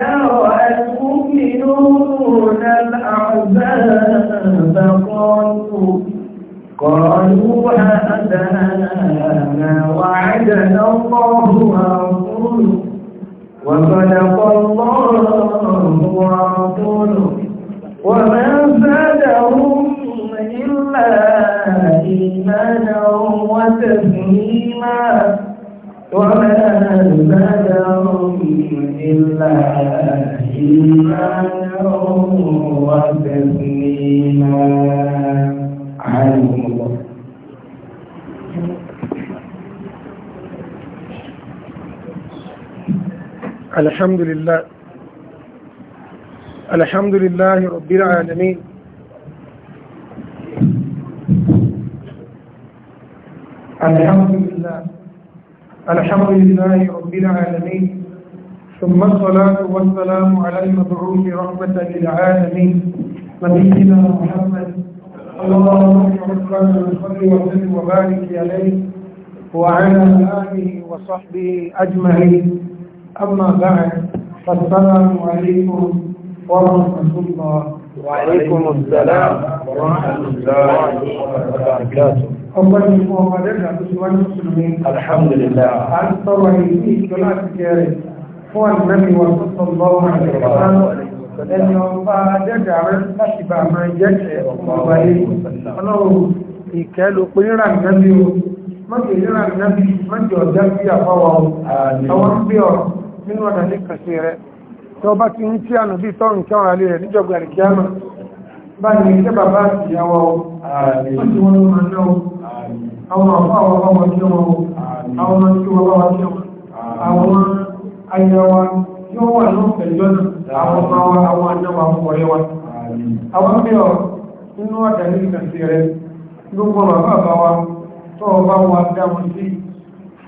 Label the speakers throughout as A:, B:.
A: المؤمنون الأحزاب
B: قالوا قالوا أتانا ما وعدنا الله ورسوله وصدق
A: الله
B: ورسوله وما
A: زادهم إلا إيمانا وتسليما
B: وما إلا
A: الحمد لله الحمد لله رب العالمين
B: الحمد لله
A: الحمد لله رب العالمين ثم الصلاة والسلام على المبعوث رحمة للعالمين نبينا محمد اللهم صل وسلم وبارك عليه وعلى
B: آله وصحبه أجمعين أما بعد فالسلام عليكم ورحمة الله وعليكم السلام
A: ورحمة الله وبركاته ọgbọ́n ní fún ọmọ dẹ́gbà tó ti wáyé mùsùlùmí alhamdulillah a ń sọ̀rọ̀ ìlú ìṣọ́lá ti kẹrẹ fún àdínẹ́bí wa tó sọ lọ́wọ́ ẹni ọba dẹ́gbà rẹ̀ láti bá máa jẹ́ ọba yìí ọlọ́run ìkẹ́ ló pé níra nẹ́bí o mọ́jọ níra nẹ́bí mọ́jọ ọjà sí àfọwọ́ àwọn gbé ọ nínú ọ̀dà ní kàṣe rẹ̀ tó bá ti ń tí ànà bí tọ́rùn kí ọ̀rọ̀ alẹ́ rẹ̀ níjọba àríkíámà bá ní ìṣẹ́ bàbá àti
B: ìyàwó àwọn àpá àwọn bá wọn kí wọn àwọn ọmọ tí wọn bá wọn kí wọn àwọn ayawa yóò wà ní
A: pẹ̀lú àwọn ọmọ wa àwọn anáwà ọ̀rẹ́ wa àwọn mìíràn nínú ọ̀dà ní ìkànsí rẹ gbogbo bàbá bá wa tó ọba wa dá wọn sí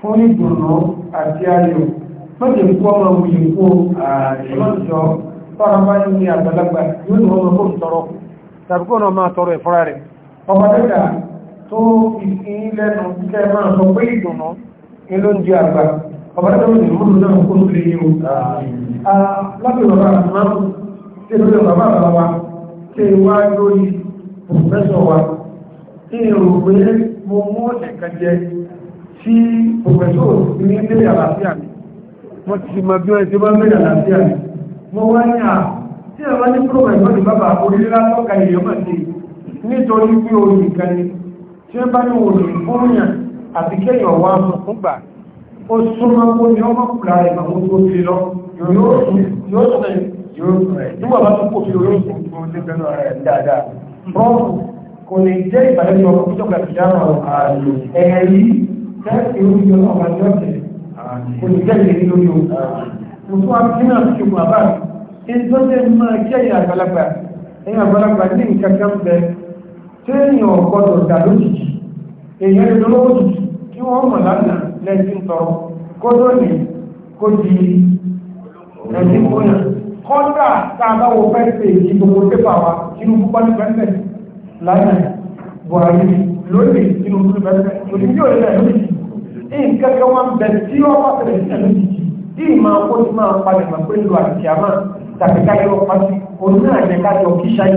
A: fún ìdùnnú àti ayọ̀ mọ́jẹ̀ kú ọmọ òye kú ọlọ́jọ́ tọ́ra bá ń ní àgbàlagbà yóò ní ọmọ fóònù tọrọ tàbí kó ọmọ tọrọ ẹ̀fọ́ra rẹ̀ ọmọ dẹ́gbà
B: tó fi sí lẹ́nu tẹ́ máa sọ pé ìdùnnú
A: ní ló ń jẹ àgbà ọba tó ní ìmúlù náà kó lè yí o lábẹ́ bàbá àmọ́ tí ó lè bàbá bàbá wa
B: tí wá lórí pòfẹ́sọ̀ wa tí èrò pé
A: mo mú ẹ̀kan jẹ tí pòfẹ́sọ̀ ní ilé àlàáfíà mi wọ́n ti tí ó bá ní òní fúnyàn àti kéèyàn wá mú fúngbà ó súnmọ́ ó ní ọmọ kùlá rẹ̀ àwọn tó fi lọ yóò sùn yóò sùn rẹ̀ nígbà bá tó kò fi orí òsùn tó lé bẹ́nu rẹ̀ dáadáa rọ́ọ̀mù kò lè jẹ́ ìbàdàn ní ọkọ̀ pítọ́gbà ti dáhùn àrùn ẹ̀yẹ yìí tẹ́ẹ̀kì orí ọmọ àjọ́tẹ̀ kò lè jẹ́ ìlérí lórí o mo tún àbíkínà ṣùgbọ́n àbá mi ní tó lè máa jẹ́ ìyá àgbàlagbà ẹ̀yìn àgbàlagbà ní nǹkan kan bẹ tí èèyàn ọ̀gbọ́dọ̀ dà lójijì èèyàn lè lọ́wọ́ jù kí wọ́n mọ̀ lánàá lẹ́sìn tọrọ kó tó lè kó di ẹ̀sìn kóyà kọ́ńdà tá a bá pépà wa Tinubu bá ní pẹ́ńtẹ̀ lánàá Buhari lónìí Tinubu ní pẹ́ńtẹ̀ lónìí yóò lẹ̀ lónìí nǹkankan wọn bẹ̀ tí wọ́n bá tẹ̀lé sí ẹ̀lú jìjì bí ìmọ̀ ó ti máa padà mà pé lu àti àmà tàbí káyọ̀ pàṣẹ òun náà jẹ́ káyọ̀ kí ṣáì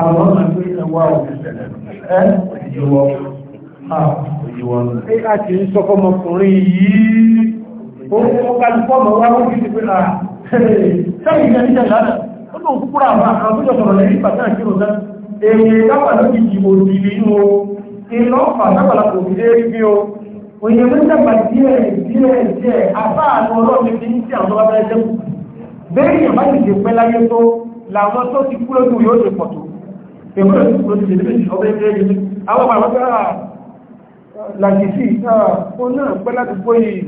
A: àwọn ọmọ pé ẹwà ọ̀
B: ẹ́ ìyíwọ́ pé
A: a ti ń sọ fọmọkùnrin yìí ó kálùfọ́mọ̀ wá ó kìí pé à ah, sẹ́yìn ilẹ̀ níjẹ̀ lánàá ó lóun kúkúrà àwọn àkàrà tó jọ sọ̀rọ̀ lẹ́yìn pàtàkì kí òun náà èyí lápàá lókè ìdìbò ìdìbò inú o iná ọ̀fà lápàá lápàá òkèdè rí o òyìn ló dàgbà díẹ̀ díẹ̀ díẹ̀ àbá àwọn ọlọ́run ti ń tí àwọn ọlọ́run ẹgbẹ́ bẹ́ẹ̀ yẹn bá ti dè pẹ́ láyé tó làwọn tó ti kú lójú yóò ti pọ̀ tó èmọ́ ìpínlẹ̀ ti lè ní ọbẹ̀ ilẹ̀ yìí àwọn àwọn ọjọ́ làjìsí ó náà pẹ́ láti pọ́ yìí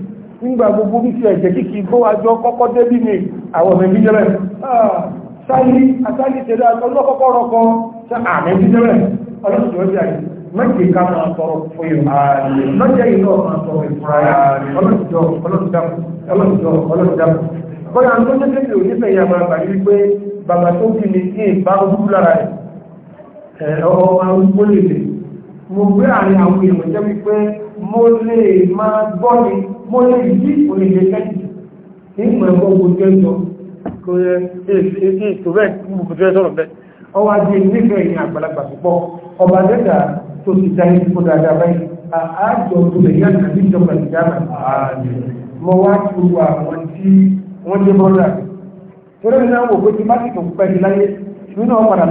A: nígbà gbogbo bí ti ẹ̀jẹ̀ kíkì bó àjọ kọ́kọ́ débí ní àwọn ọmọ ìbí jẹ́rẹ̀ sáyé àtàlì tẹ̀lé ọlọ́kọ́kọ́ rọ́kọ́ àmì ìbí jẹ́rẹ̀ ọlọ́sùn Bọ́lá tó jẹ́ kéèkì òní fẹ̀yà máa bàrí wípé bàbá tó kìí ní ìbá ojú lára rẹ̀ ọmọ arúgbó lè lè mo gbé àárín àwọn èèyàn jẹ́ wípé mo lè máa gbọ́ ni mo lè yí òyìnbó kẹ́jì nígbà ẹ̀kọ́ gbogbo ẹjọ́ kò yẹ èyí tó bẹ́ẹ̀ gbogbo ẹjọ́ sọ̀rọ̀ bẹ́ẹ̀ ọwọ́ ajé nífẹ̀ẹ́ ìyìn àgbàlagbà púpọ̀ ọba dẹ́ta tó ti dá ní kó dáadáa báyìí àájọ tó lè yá nàbí ìjọba ìjáàmà mọ wá tó wà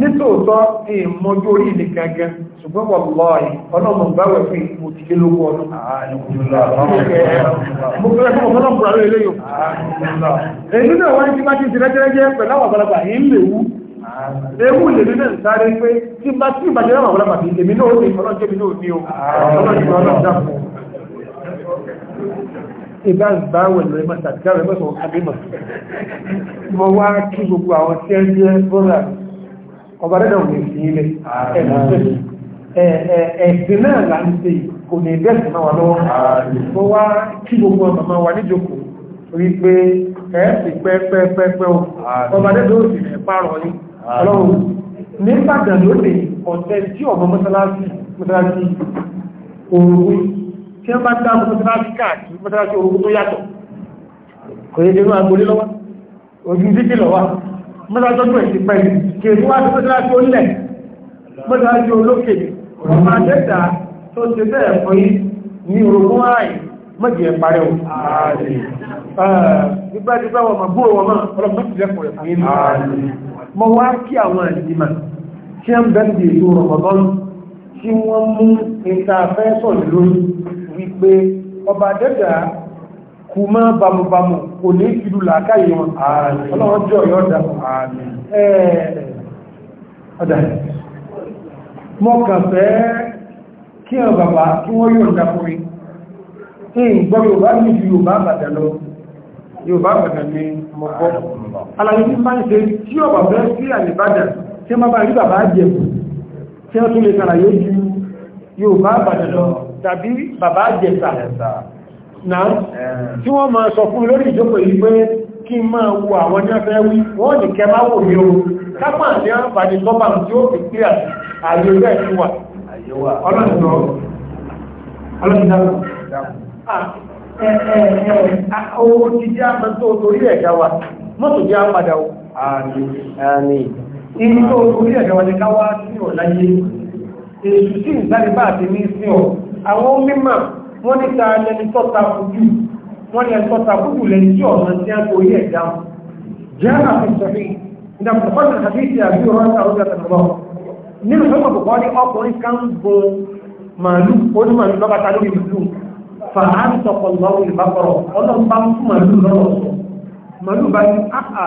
A: nítòótọ́ ní ìmọ́jú orí ilẹ̀ gangan ṣùgbọ́n wọ́lọ́ọ̀yí ọlọ́mọ gbáwẹ̀ fún ìmòtílé lówó ọdún ewu lèmi náà sáré pé tí bá tí ìbàjẹ́ náà wọ́n lábàbí èmi náà ní ọlọ́jẹ́ mi náà ní o ọlọ́jẹ́ ọlọ́jẹ́ ìbá báwẹ̀ lórí mọ́ta gáwẹ̀ mọ́sàn-án àbímọ̀ mọ́ wá kí gbogbo àwọn tí ẹ jẹ́ bọ́rọ̀ ọba dẹ́dọ̀ ní ìfìyílẹ̀ ẹ̀sìn náà là ń ṣe kò ní ìdẹ́sìn náà wà lọ́wọ́ tó wá kí gbogbo ọmọ wa níjòkó rí pé ẹ̀ẹ́sì pẹ́pẹ́pẹ́pẹ́ ọba dẹ́dọ̀ ó sì rẹ̀ pààrọ̀ ní ọlọ́run ní Ìbàdàn lóde ọ̀tẹ́ tí ọmọ mọ́sálásí mọ́sálásí orogún tí wọ́n bá dá mọ́sálásí káàkiri mọ́sálásí orogún tó yàtọ̀ kò yẹ mọ́lájọ́jú ẹ̀sìn pẹ̀lú kí èdè wá sí mọ́lájú olẹ̀ mọ́lájú olókè ọmọ adẹ́ta tó ti bẹ́ẹ̀ fún yí ní orogún ààyè mọ́jì ẹ̀ parẹ́ o gbígbẹ́gbẹ́ wọn mọ̀ búrò wọn mọ́ ọlọ́pàá ti lẹ́kùn rẹ̀ fún yí mọ́ kù mọ́ bàmùbàmù kò ní ìlú làákàyè wọn ọlọ́run jọ yọ́ dà ọ̀dà mọ́kàn fẹ́ kí ọ bàbá kí wọ́n yóò dákúrí ìgbọ́ Yorùbá ní ju Yorùbá àbàdà lọ Yorùbá àbàdà ní mọ́kọ́ alayé ní máa ń ṣe tí ọ bàbá sí àlèbàdà tí wọ́n bá rí bàbá jẹ̀bù tí wọ́n tún lè sàràyé ju Yorùbá àbàdà lọ tàbí bàbá jẹ̀sà na. tí wọ́n máa sọ fún lórí ìjókòó yìí pé kí n máa wo àwọn ní wí wọ́n wò o kápá àti àǹfààní tọ́bà tí ó fi pé àyè rẹ̀ ti wà wa mọ́tò jẹ́ àpàdà o inú tó torí ẹ̀dá wa ní káwá sí ọ̀ láyé èsù ọ̀ wọ́n ní ta lẹni tọ́ta fojú wọ́n ní ẹ̀tọ́ta fojú lẹni tí ọ̀nà tí a kò yẹ dáhùn jẹ́ àfihàn ìdàpọ̀pọ̀lù àbíṣe àbí ọ̀rọ̀ àtàwọn ọ̀rọ̀ nínú sọ́kọ̀ pọ̀pọ̀ ní ọkùnrin kan bo màálù onímọ̀lú lọ́bàtà lórí ìlú fàáńtọ̀pọ̀ lọ́wọ́ ìbákọ̀rọ̀ ọlọ́mbà fún màálù lọ́rọ̀ sọ màálù bá ní àhàá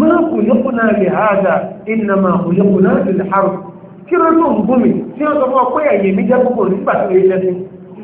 A: máa kò yẹ́kùnà lè háàdà ìnàmà kò yẹ́kùnà lè hàrù kí ló lóun gómìn tí wọ́n sọ fún ọpẹ́ ẹ̀yẹ mi jẹ́ púpọ̀ nígbà tó yẹ lẹ́sìn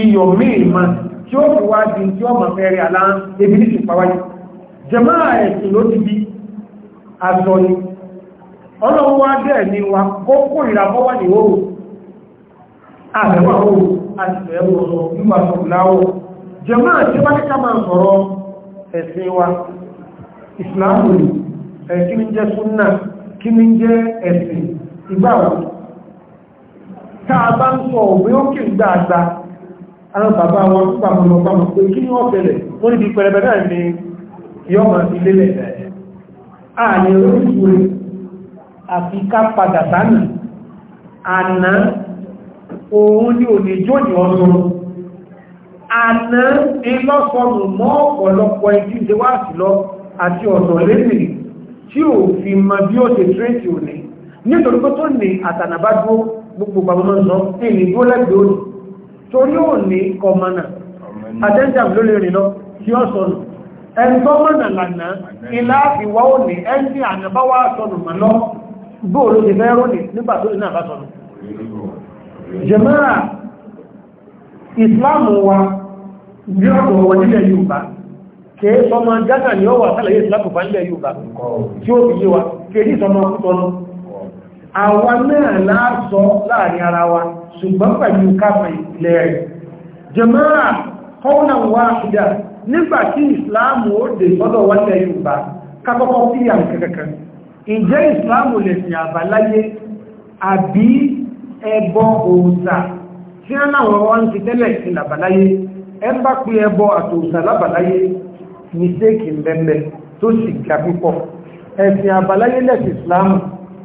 A: iyọ̀ mìíràn tí ó fi wá di tí ọmọ fẹ́rẹ̀ alá ebi ní ìpàwáyé jẹmọ́ ẹ̀sìn ló ti di àzọ ni ọlọ́run wá bẹ́ẹ̀ ni wa kó kó ìràbọ́ ní oòrùn àbẹ̀wà oòrùn àti ẹ̀wọ̀ ọ̀rọ̀ nígbà tó láwọ̀ jẹmọ́ àti ni kí ń àwọn bàbá wọn pàpọ̀lọ̀ pàpọ̀ pé kí wọ́n fẹ́lẹ̀ wọ́n níbi pẹ̀lẹ̀bẹ̀ náà ni yọ́mọ̀ ilélẹ̀ ààrin oríṣìírí àfi ká padà sáàmì àná òun ni ò ní jó ní ọdún àná ilọ́sọ̀nù mọ́ ọ̀pọ̀lọpọ̀ ẹjú ìdíwáàsìlọ àti ọ̀sọ̀ lẹ́sìn tí ò fi mọ bí ó ṣe tírẹ́tì òní nítorí pé tó ní torí ò ní kọmọ̀nà àtẹ́jàm ló lọ tí ó sọnù ẹ̀ntọ́ mọ̀nà lànà ilá ìwà ò ní ẹni ànàbáwà sọnù mà lọ bóòlù ti fẹ́ ní nígbà tó iná àbá ìsìláàmù wa bí ọ̀pọ̀ wọn nílẹ̀ Yorùbá kèé sọmọ jádà ní ọwà sálẹ̀ ìsìláàmù àwa náà láàsọ láàrin ara wa ṣùgbọ́n pẹ̀lú káfà ìpìlẹ̀ rẹ̀ jẹmọ́ra kọ́nà wá ṣùgbà nígbàtí ìsìláàmù ó dé sọ́dọ̀ wọ́lẹ̀ yorùbá kákọ́kọ́ sí àwọn kẹ́kẹ́kẹ́ islam lè sìn àbáláyé àbí ẹbọ òòṣà tí a náà wọ́n ń ti tẹ́lẹ̀ sí àbáláyé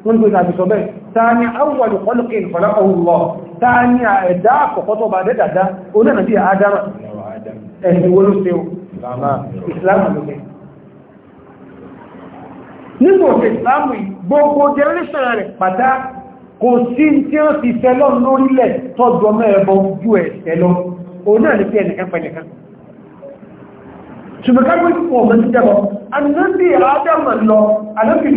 A: wọ́n ní pé tàbí sọ bẹ́ẹ̀ ta ni awwal khalqin khalaqahu Allah ta ni ẹ̀dá àkọ́kọ́ tó bá dẹ́dàdá onáà bí adama ẹ̀sìn islam ló ṣe nínú òṣè islam gbogbo generation rẹ̀ pàtá kò sí tí ó ti sẹ́lọ́ lórílẹ̀ tọ́jọ mẹ́ẹ̀bọ ju ẹ̀ sẹ́lọ́ onáà ní pé ẹnìkan pẹ̀lẹ̀kan ṣùgbọ́n kágbé pọ̀ mọ́ sí jẹ́bọ̀ anábì adama lọ anábì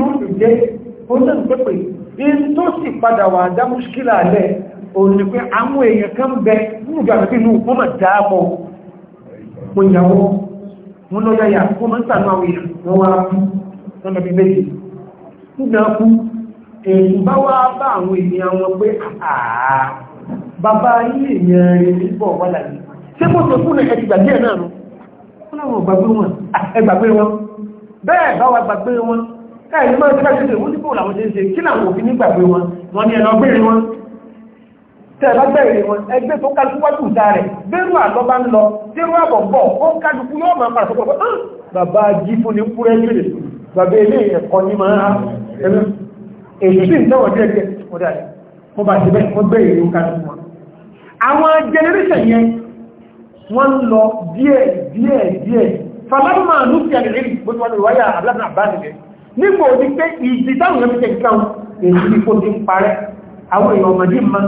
A: oúnjẹ pẹ́pẹ́ in tó sì padà wà dámúṣkílà alẹ́ òun ni pé àwọn èèyàn kan bẹ nínú ìjọ àti inú wọ́n mọ̀ dáàbọ̀ wọn ìyàwó wọn lọ yáyà wọ́n mọ̀ ń sànú àwọn èèyàn wọ́n wá kú wọ́n lọ bí méjì nígbà kú èèyàn bá wá bá àwọn èèyàn wọn pé àà bàbá yí èèyàn rẹ̀ níbọ̀ wà láyé ṣé mo sọ fún bẹ́ẹ̀ bá wa gbàgbé wọn ẹ̀yìn máa tí láti ìwọ́n nípò làwọn ṣe ń ṣe kí làwọn òfin nígbàgbé wọn wọn ni ẹ̀nà gbére wọn tẹ̀lá gbẹ̀rẹ̀ wọn ẹgbẹ́ tó kálukú wájú ìta rẹ̀ bẹ́rù àlọ́ bá ń lọ dẹ́rù àbọ̀ bọ̀ ó ń kálukú yóò máa fara sọ́kọ̀ ah bàbá jí fún ní kúrẹ́ lèrè bàbá ilé ẹ̀kọ́ ní máa ha èyí sì ń tẹ́wọ̀ díẹ̀ díẹ̀ ó dà mo bá ti bẹ́ẹ̀ mo gbẹ̀rẹ̀ ìlú kálukú wọn. àwọn generation yẹn wọ́n ń lọ díẹ̀ díẹ̀ díẹ̀ fàlámà lùfíà lè rí bó ti wá lórí wáyà abúlé nígbò ní pé ìdí táwọn ẹ̀mí tẹ̀kíkà èyí ní kó ti ń parẹ́ àwọn èèyàn ọmọdé ma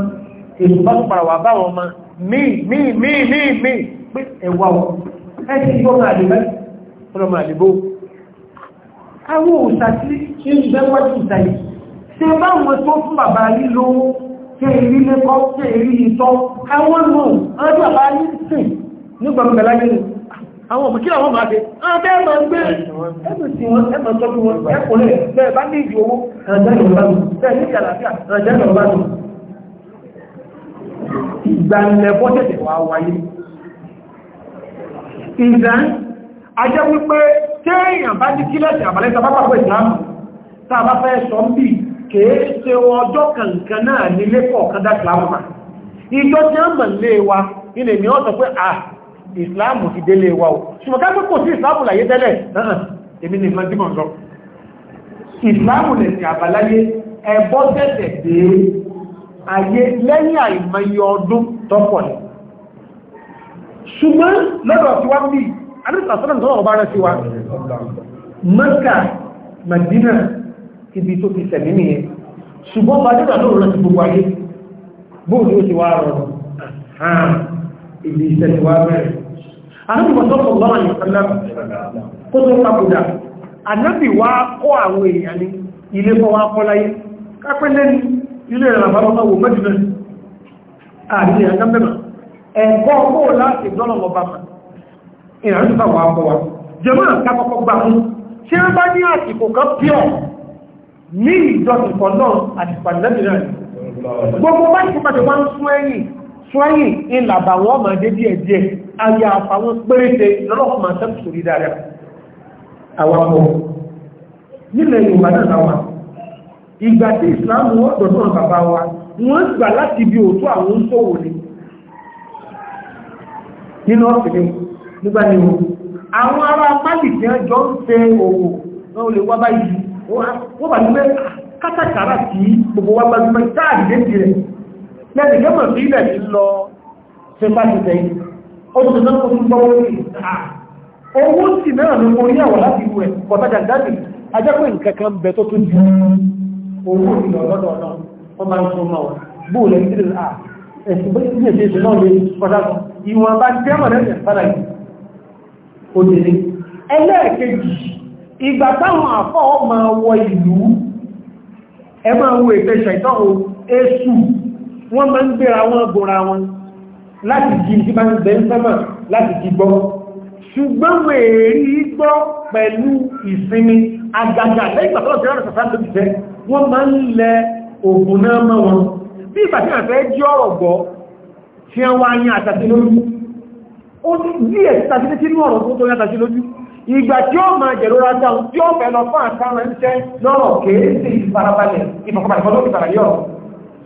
A: èyí bá tó para wà bá wọn ma míì míì míì míì míì pé ẹ̀wà wọn ẹ ti yọ máa lè báyìí ọ̀rọ̀ máa lè bó àwọn òòsà tí ń bẹ́ wájú ìta yìí ṣe bá wọn tó fún bàbá yìí lówó ṣe èrí lẹ́kọ́ ṣe èrí ìtọ́ àwọn náà ọjọ́ bàbá yìí sìn nígbàmgbàlágbé àwọn ọmọ kílà wọ́n máa ṣe ẹgbẹ́ gbé ẹgbẹ́ tí wọ́n ẹgbẹ́ tọ́jú wọn ẹkùnrin bẹ́ẹ̀ bá ní ìdí owó ajẹ́ wípé téèyàn bá ní kílẹ̀sì àbálẹ́ta bá pàpọ̀ ìsìláàmù tàà bá fẹ́ sọ ń bí kèé ṣe ọjọ́ kankan náà nílé kọ̀ọ̀kan dá ìsìláàmù ìjọ tí a mọ̀ lé wa ilẹ̀ ni ó sọ pé à ah, ìsìláàmù ti délé wa o ṣùgbọ́n ká pé kò sí ìsìláàmù láyé tẹ́lẹ̀ náà ni ìmọ̀ dímọ̀ sọ ìsìláàmù lè sí àbáláyé ẹbọ tẹ̀tẹ̀ dé ayé lẹ́yìn àìmọye ọdún tọ́pọ̀ ni ṣùgbọ́n lọ́dọ̀ tí wá ń bí adúgbàsọ́nà tó ọ̀rọ̀ bá rẹ̀ sí wa Mẹ́kà ibi tó ti sẹ̀mí nìyẹn ṣùgbọ́n bá lóòrùn láti gbogbo ayé bóòlù ó ti wá rọrùn ìdí ìṣẹ̀lẹ̀ wá bẹ̀rẹ̀ anábì wọ́n sọ́kọ̀ lọ́wọ́ ní ọ̀sánlá kó tó papòdà anábì wá kọ́ àwọn èèyàn ní ilé fọwọ́ akọ́láyé kápẹ́lẹ́ ní ilé rẹ̀ àbábọ́ wò mẹ́jìlẹ̀ àti àkábẹ́mà ẹ̀kọ́ kó láti dọ́lọ̀mọ̀ bá mà ìrànlú bá wà kọ́ wa jẹ́mọ́ àkápọ́kọ́ gbà mú tí wọ́n bá ní àsìkò kan píọ̀ ní ìjọ ìfọ̀ náà àti pàdánù náà gbogbo bá ti pàdé wá ń sún ẹ̀yìn trying in làbà wọ́n máa dé díẹ̀ díẹ̀ ayé àfàwọn péréte lọ́lọ́pọ̀ máa tẹ́kù sórí dáadáa àwọn ọmọ nílẹ̀ Yorùbá náà láwà ìgbà tí Islam wọ́n dọ̀dọ̀ bàbá wa wọ́n gbà láti bí òtú àwọn sòwò ni nínú ọ̀sẹ̀ nígbà ni wọ́n àwọn ará pálì tí wọ́n jọ ń tẹ òwò náà lè wá báyìí wọ́n bá ní pé ah, kátàkárà tí gbogbo wa gbajúmọ̀ táàdì lẹ́nu yóò mọ̀ sí ilẹ̀ ti lọ ṣe bá ti tẹ́ ọdún náà kò tún gbọ́wọ́ sí owó sì náà ló mọ oníyàwó láti rú ẹ̀ pọ̀tájà dáàbì ajẹ́pẹ́ nǹkan kan bẹ tó tún jù owó ìlọ lọ́dọ̀ náà wọ́n máa ń tún mọ́ bóòlẹ̀ ìdílé à ẹ̀sìn bó ti ṣe ṣe náà lè pọ̀tá ìwọ̀n bá jẹ́ mọ̀ lẹ́yìn sára yìí òdèrè ẹlẹ́ẹ̀kejì ìgbà táwọn àfọ́ máa wọ ìlú ẹ máa wo ìfẹsẹ̀ ìtọ́ èṣù wọ́n máa ń gbéra wọn gbòra wọn láti jí tí bá ń bẹ ń sọ́mọ̀ láti jí gbọ́ ṣùgbọ́n wọ́n èrí gbọ́ pẹ̀lú ìsinmi àgàgà lẹ́yìn pàtàkì ọ̀sẹ̀ ọ̀rọ̀ sàfà tó ti fẹ́ wọ́n máa ń lẹ ògùn náà mọ́ wọn bí ìgbà tí wọ́n fẹ́ jí ọ̀rọ̀ gbọ́ tí wọ́n wá yín àtàtì lójú ó ní ẹ̀sí tàbí tí inú ọ̀rọ̀ tó tó yá tàbí lójú ìgbà tí ó máa jẹ̀rora dáhùn tí ó fẹ́ lọ fún àtàrà ń tẹ́ lọ́rọ̀ kéèsì ìfarabalẹ̀ ìfọ̀kọ̀bàlẹ̀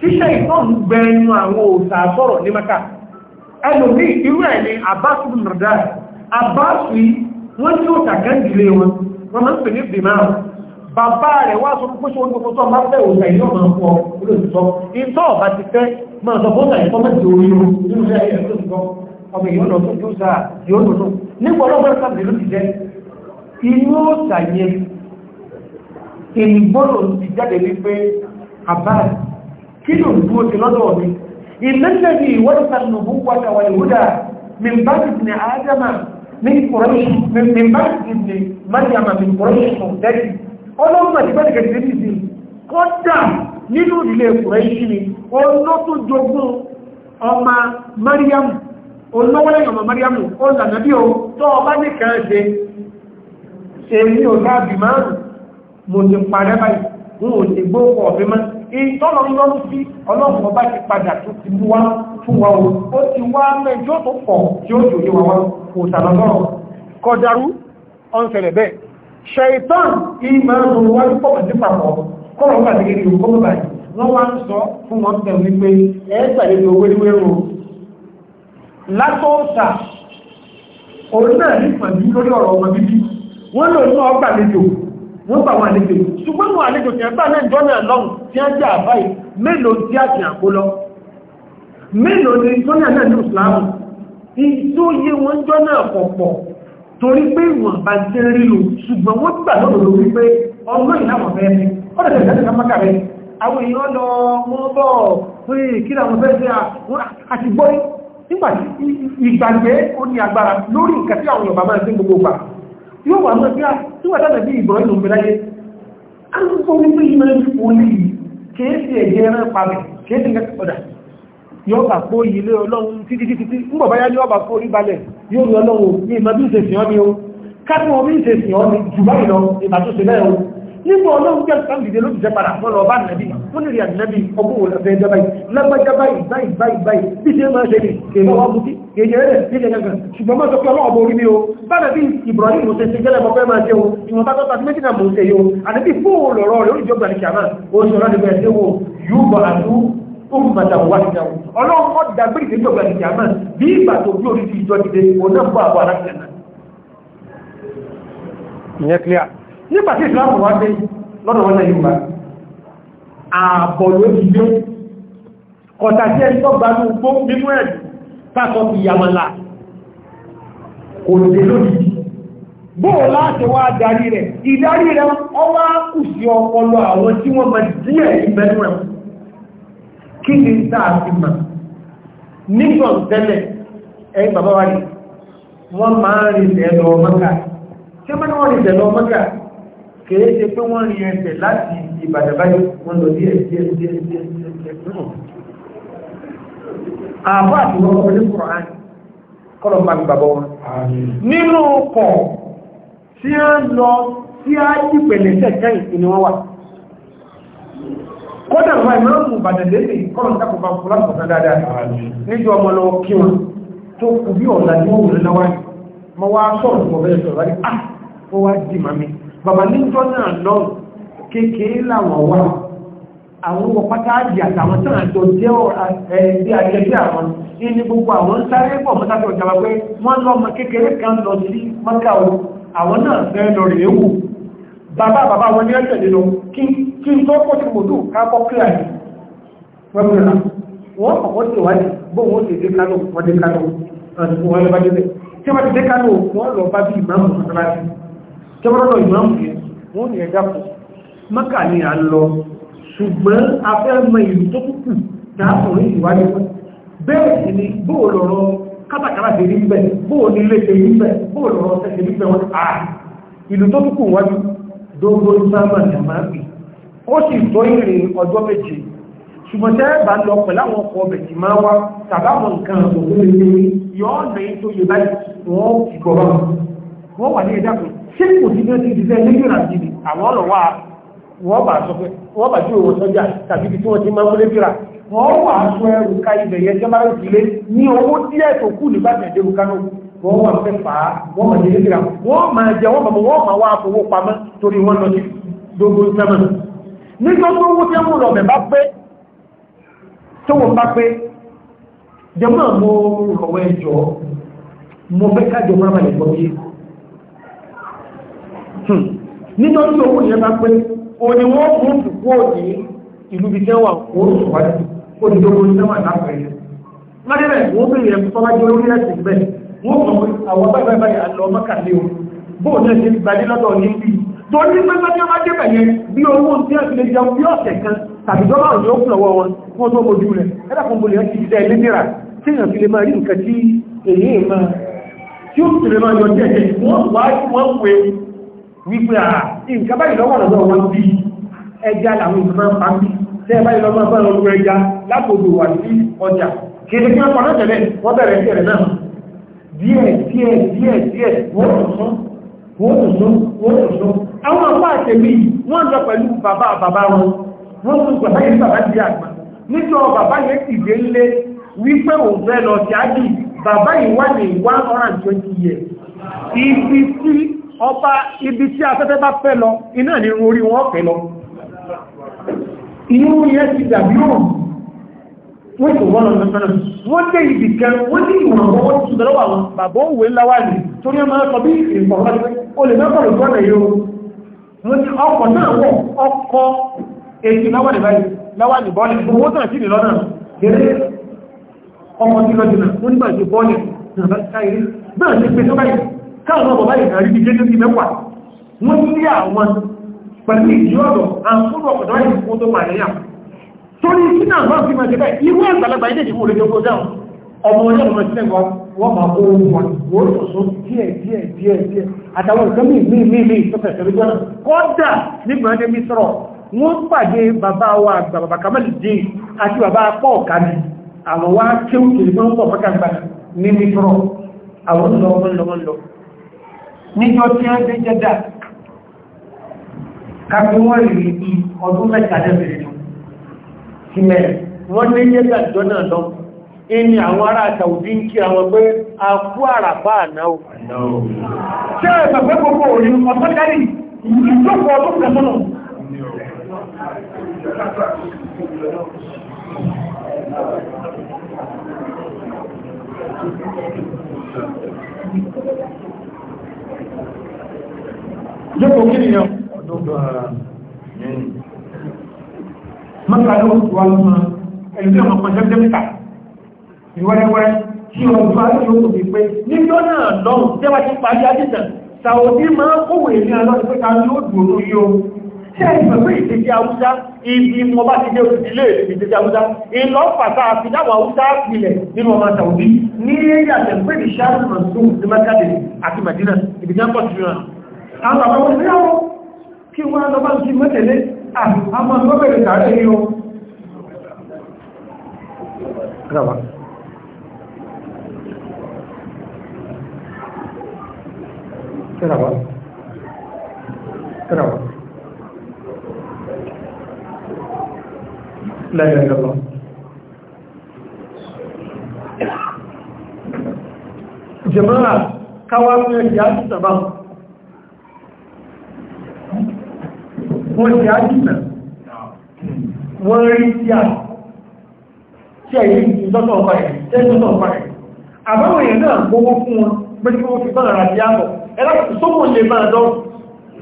A: tíṣẹ́ ìtọ́n gbẹ ẹnu àwọn òsà àbọ̀rọ̀ ní maka ẹlòmí irú ẹ̀ ni àbáṣù nàdá àbáṣù wọ́n tí ó tàgẹ́ndìlé wọn wọ́n máa ń pè ní bìmá bàbá rẹ̀ wá sọ pé ṣe oúnjẹ tó máa fẹ́ òsà ìlú ọmọ ọkọ̀ olóòtítọ́ ìtọ́ ọ̀bá ti fẹ́ máa sọ fún òsà ìtọ́ mẹ́jọ orí ọmọ ìyọ́nà tó tó sáà yóò tó tó nígbà ọlọ́gbọ́n sábẹ̀ ló ti jẹ́ inú òsà yẹn ìgbọ́nà ti jáde wípé àbáàdì kí ló ń dúró sí lọ́dọ̀ mi ìlẹ́lẹ́bí ìwọ́sànlùbú wàtàwà ìwúdà mìbájìdì àádámà ní kùrọ̀ṣù mìbájìdì májàmà ní kùrọ̀ṣù dẹ́kì ọlọ́run àti bẹ́ẹ̀kẹ̀ẹ́ ti ti kọ́dà nínú ìdílé kùrọ̀ṣù ni olótó jogún ọmọ mariam olówólẹ́ ọmọ mariam olànàbí o tó ọba ní kan ṣe èmi ò láàbì márùn-ún mo ti parẹ́ báyìí n ò ti gbó ọ̀fẹ́ máa ìtọ́lọ̀ lọ́nù sí ọlọ́run ọba ti padà tó ti mú wá fún wa o ó ti wá mẹjọ́ tó pọ̀ tí ó jòyè wa wá kò sàlọ́lọ́rọ̀ kọjarú ọ̀nsẹ̀lẹ̀ bẹ́ẹ̀ ṣẹ̀tàn ìmọ̀ ọ̀run wá ní pọ̀pọ̀ sí papọ̀ kọ́rọ̀ ń bàtí kiri òkú báyìí wọ́n wá ń sọ fún wọn tẹ̀ wípé ẹgbàlejò owó wéwérò látọ́ọ̀tà òun náà ní pàdé lórí ọ̀rọ̀ ọmọ bíbí wọ́n lò ní ọgbàlejò wọ́n bà wọn àlejò ṣùgbọ́n wọn àlejò tí a bá náà jọ́nà lọ́rùn tí a jẹ́ àbáyé mélòó tí a ti àkó lọ mélòó ni jọ́nà náà ní ìsìláàmù ìjó yé wọn jọ́nà pọ̀pọ̀ torí pé wọn bá jẹ́ rílò ṣùgbọ́n wọ́n gbà lọ́rọ̀ wípé ọmọ ìlàwọ̀n pé kí yóò wà mọ́ sí à tí bí ìbọn ìlú mẹ́láyé a ń kó wípé yìí mẹ́rin fún olè yìí kéèsì ẹ̀jẹ̀ ẹran pàmẹ̀ kéèsì ń kẹ́kẹ́ ọ̀dà yóò bà kó ilé ọlọ́run títí títí ń bọ̀ báyá ní ọba kó orí balẹ̀ yóò rí ọlọ́run ní ìmọ̀ bí ìṣẹ̀sìn ọ́ ni ó wọ́n lè rí ànábì ọgbọ́n wò lọ́fẹ́ ẹjọ́ báyìí lágbájá báyìí báyìí báyìí báyìí bí ṣe máa ṣe ní èèyàn wá mutí èèyàn rẹ̀ ní ẹ̀yàn kan ṣùgbọ́n máa sọ pé ọlọ́wọ́ borí mi o bára bí Ibrahim mo ṣe ṣe jẹ́lẹ̀ mọ́fẹ́ máa ṣe o ìwọ̀n bá tọ́ta méjì náà mo ṣe yìí o àdébí fóò lọ́rọ́ rẹ̀ olùjọ́ gbà ní kìámà o ṣe ọ̀rọ̀ nígbà ẹ̀ṣẹ́ wo yóò bọ̀ àdú ummatan wahida ọlọ́run mọ́ dàgbé ìdíjọ́ gbà ní kìámà bí ìgbà tó bí orí ti ìjọ dìde òun náà bọ́ àbọ̀ aláṣẹ náà. ìyẹn clear nígbà tí ìsìlámù wá dé lọ́dọ̀ wọn náà yóò ààbọ̀ ló ti dé ọ̀tà tí ẹni tó gbanú gbó nínú ẹ̀dù tàkọ́ ti yàmàlà
B: kò lè lónìí
A: bóò láti wá darí rẹ̀ ìdarí rẹ̀ ọwá kù sí ọpọlọ àwọn tí wọ́n mọ̀ díẹ̀ ìbẹ̀rù rẹ̀ kí ni sáà ti mọ̀ nígbà tẹ́lẹ̀ ẹ bàbá wa ni wọ́n máa ń rìn ẹ̀lọ́ mọ́kà tí wọ́n máa ń rìn ẹ̀lọ́ mọ́kà kìí ṣe pé wọ́n rìn ẹsẹ̀ láti ìbàdàn báyìí wọ́n lọ díẹ̀ díẹ̀ díẹ̀ díẹ̀ díẹ̀ díẹ̀ àbọ̀ àtìwọ́n ọmọ ní kùrán kọ́lọ̀ bá mi bàbọ̀ wọn nínú ọkọ̀ tí a ń lọ tí a yí pẹ̀lẹ̀ tẹ̀kẹ́ ìpínlẹ̀ wọn wà kọ́dà wà ìmọ̀ràn ìbàdàn lẹ́lẹ̀ kọ́lọ̀ tàkù bá fúlá pọ̀tán dáadáa níjọ ọmọ lọ kí wọn tó kù bí ọ̀la ní òun lọ́wọ́ mọ́ wá sọ̀rọ̀ mọ́ bẹ́ẹ̀ sọ̀rọ̀ wá ní à ah, ó wá dì mami bàbá níjọ náà lọ́rùn kékeré làwọn wà àwọn ọmọ pátá àjì àtàwọn tán àjọ jẹ́ ẹgbẹ́ akẹgbẹ́ àwọn ní gbogbo àwọn ń sáré pọ̀ mọ́tàkì ọjà wá pé wọ́n lọ ọmọ kékeré kan lọ sí mọ́kà o àwọn náà fẹ́ lọ rèé wù bàbá bàbá wọn ní ẹ̀sẹ̀ nínú kí n tó pọ̀ sí mòdù kápọ̀ kílà ní wẹ́pẹ̀lá wọ́n kọ̀kọ́ sí wáyé bó wọ́n sì dé kánò wọ́n dé kánò wọ́n lọ bá dé bẹ̀ tí wọ́n ti dé kánò wọ́n lọ bá bí ìmáàmù mọ́tàlá mọ́kà ni à ń lọ ṣùgbọ́n a fẹ́ mọ ìlú tó kúkù dáàkùnrin ìwádìí wọn bẹ́ẹ̀ sì ni bóò lọ́rọ̀ kátàkárà ṣe rí ń bẹ̀ bóò ní ilé ṣe rí ń bẹ̀ bóò lọ́rọ̀ ṣe ṣe rí ń bẹ̀ wọn à ìlú tó kúkù wájú dóńgbó sáàmà ní àmàbì ó sì tó ìrìn ọjọ́ kan ṣé kò sí bí wọ́n ti di fẹ́ lẹ́yìn ìrìnàjò àwọn ọ̀rọ̀ wa wọ́n bá sọ pé wọ́n bá jú owó sọ́jà tàbí ibi tí wọ́n ti máa múlé fíra wọ́n wà sọ ẹrù ká ibẹ̀ yẹn jẹ́ máa ń tilé ní owó díẹ̀ tó kù nígbà tí ẹ̀dẹ́ kánú wọ́n wà fẹ́ fà á wọ́n máa jẹ́ fíra wọ́n máa jẹ wọ́n bàbá wọ́n máa wá fowó pamọ́ torí wọ́n lọ sí gbogbo sẹ́mọ̀ nígbà tó owó tí wọ́n lọ bẹ̀ bá pé òní wọ́n fún ìdùkú òní ìlú bí tẹ́wà oòrùn ṣùgbọ́n olùdókòó tẹ́wà lápẹ̀ẹ́ mọ́dẹ́rẹ̀ wọ́n bèèrè ẹ̀kú tọ́lájú orí ẹ̀sìn bẹ́ẹ̀ wọ́n mọ̀ pé àwọn báyìí báyìí àlọ́ mọ́kànlé o bóò náà ṣe gbadé lọ́dọ̀ ní bí tó ní pẹ́pẹ́ tí ó máa dé bẹ̀yẹn bí owó tí ó lè jẹun bí ọ̀sẹ̀ kan tàbí tó márùn yóò kùnà wọn fún tó mojú rẹ̀ ẹ́dàkùn mo lè ẹ́ ti jẹ́ ilé nira tí èèyàn fi lè máa rí nǹkan tí èyí máa tí ó sì lè máa yọ jẹ́ jẹ́ wọ́n wá wọ́n wé wípé à ah, nǹkan báyìí lọ́wọ́ lọ́wọ́ wọn bí ẹja làwọn máa ń bí tẹ́ ẹ báyìí lọ́wọ́ lọ́wọ́ ẹja látòdò wà sí ọjà kéde kí wọ́n pọnà tẹ̀lé wọ́n bẹ̀rẹ̀ sí ẹ̀rẹ̀ náà díẹ̀ díẹ̀ díẹ̀ díẹ̀ wọ́n tún wọ́n tún wọ́n tún àwọn ọ̀pá wọ́n pẹ̀lú bàbá wọn wọ́n tún ọba ibi tí afẹ́fẹ́ bá fẹ́ lọ iná ní orí wọn fẹ́ lọ inú yẹn ti dàbí òun wọ́n tó wọ́n lọ sọ́nà wọ́n dé ibi kan wọ́n ní ìwọ̀n ọwọ́ tó sọ́dọ̀ wà wọn bàbá òwe láwà ní torí ọmọ ọkọ̀ bí ìfọ̀kọ́ o lè mẹ́kọ̀ lọ sọ́nà yóò wọ́n ti ọkọ̀ náà wọ̀ ọkọ̀ èsì láwà ní báyìí láwà ní bọ́ọ̀lì gbogbo tàn sí ìlọ́nà gẹ́rẹ́ ọkọ̀ tí lọ́jọ́ káàmù bàbá ìrìnàrí bí gẹ́gẹ́ bí mẹ́wàá wọ́n ní àwọn pẹ̀lú ìjọ́dọ̀ àfúnù ọ̀pọ̀dọ̀ ìfún tó pàdé yà torí kí náà wọ́n fi máa jẹ́ báyìí irú àgbàlagbà ilé ìdìbò olóògbé ogun dáhùn ọmọ ọjọ́ ọmọ sílẹ̀ wọn wọ́n máa kó ohun wọn wọ́n tó sún díẹ̀ díẹ̀ díẹ̀ díẹ̀ àtàwọn nǹkan mí mí mí mí tó fẹ̀sẹ̀ lójú ọ̀nà kọ́dà nígbà ọdẹ mi sọ̀rọ̀ níjọ tí a dé jẹ́dà kàbí wọ́n rí ọdún mẹ́ta lẹ́bẹ̀rẹ̀ lọ sí wọ́n dị jẹ́dà jọ náà lọ ẹni àwọn ará àtàwùdí ń kí àwọn pé a kú àràbá ànáwò gbogbo
B: Thank you. jókòó kí nìyàn ọdún tó ara
A: mọ́ta ló tó wá lọ́nà ẹni tí ọmọ kan jẹ́ mítà ìwẹ́rẹ́wẹ́ tí ó bá tí ó tóbi pé níjọ́ náà lọ́hùn tẹ́wà ti parí àdìsàn sàwọ́dí máa kówè ní alọ́dún pé ta ló dùn ó yóò Ìgbẹ̀gbẹ̀ ìdíjẹ́ Awúsá, ibi mọ bá ti dé òṣìlẹ̀ ìdíjẹ́ Awúsá, ìlọ́ pàtà àfidáwà Awúsá pìlẹ̀ nínú ọmọ Sàwùdí ní ẹ̀yà tẹ̀gbẹ̀ ìṣàrùn-ún sí Mẹ́kàdé àti Màdínà, ìbìjẹ́ pọ̀ sí rán àwọn àpapọ̀ sí àwọn kí wọ́n lọ bá ti
B: mẹ́tẹ̀lé àmọ́ lọ́bẹ̀rẹ̀ tààrẹ yíò rọ̀bà rọ̀bà rọ̀bà lẹ́yìn lọ́wọ́
A: jẹ́mọ́ra káwàá mẹ́rin yà ti tàbá wọ́n ṣe ájìnà wọ́n rí sí à tí ẹ̀yí ìdọ́tọ̀ ọ̀pá ẹ̀ tẹ́tọ́tọ̀ ọ̀pá ẹ̀ àbáwọn èèyàn náà gbogbo fún wọn pé kí wọ́n fi tọ́nà ra díàbọ̀ ẹlọ́pù sókò lè máa dọ́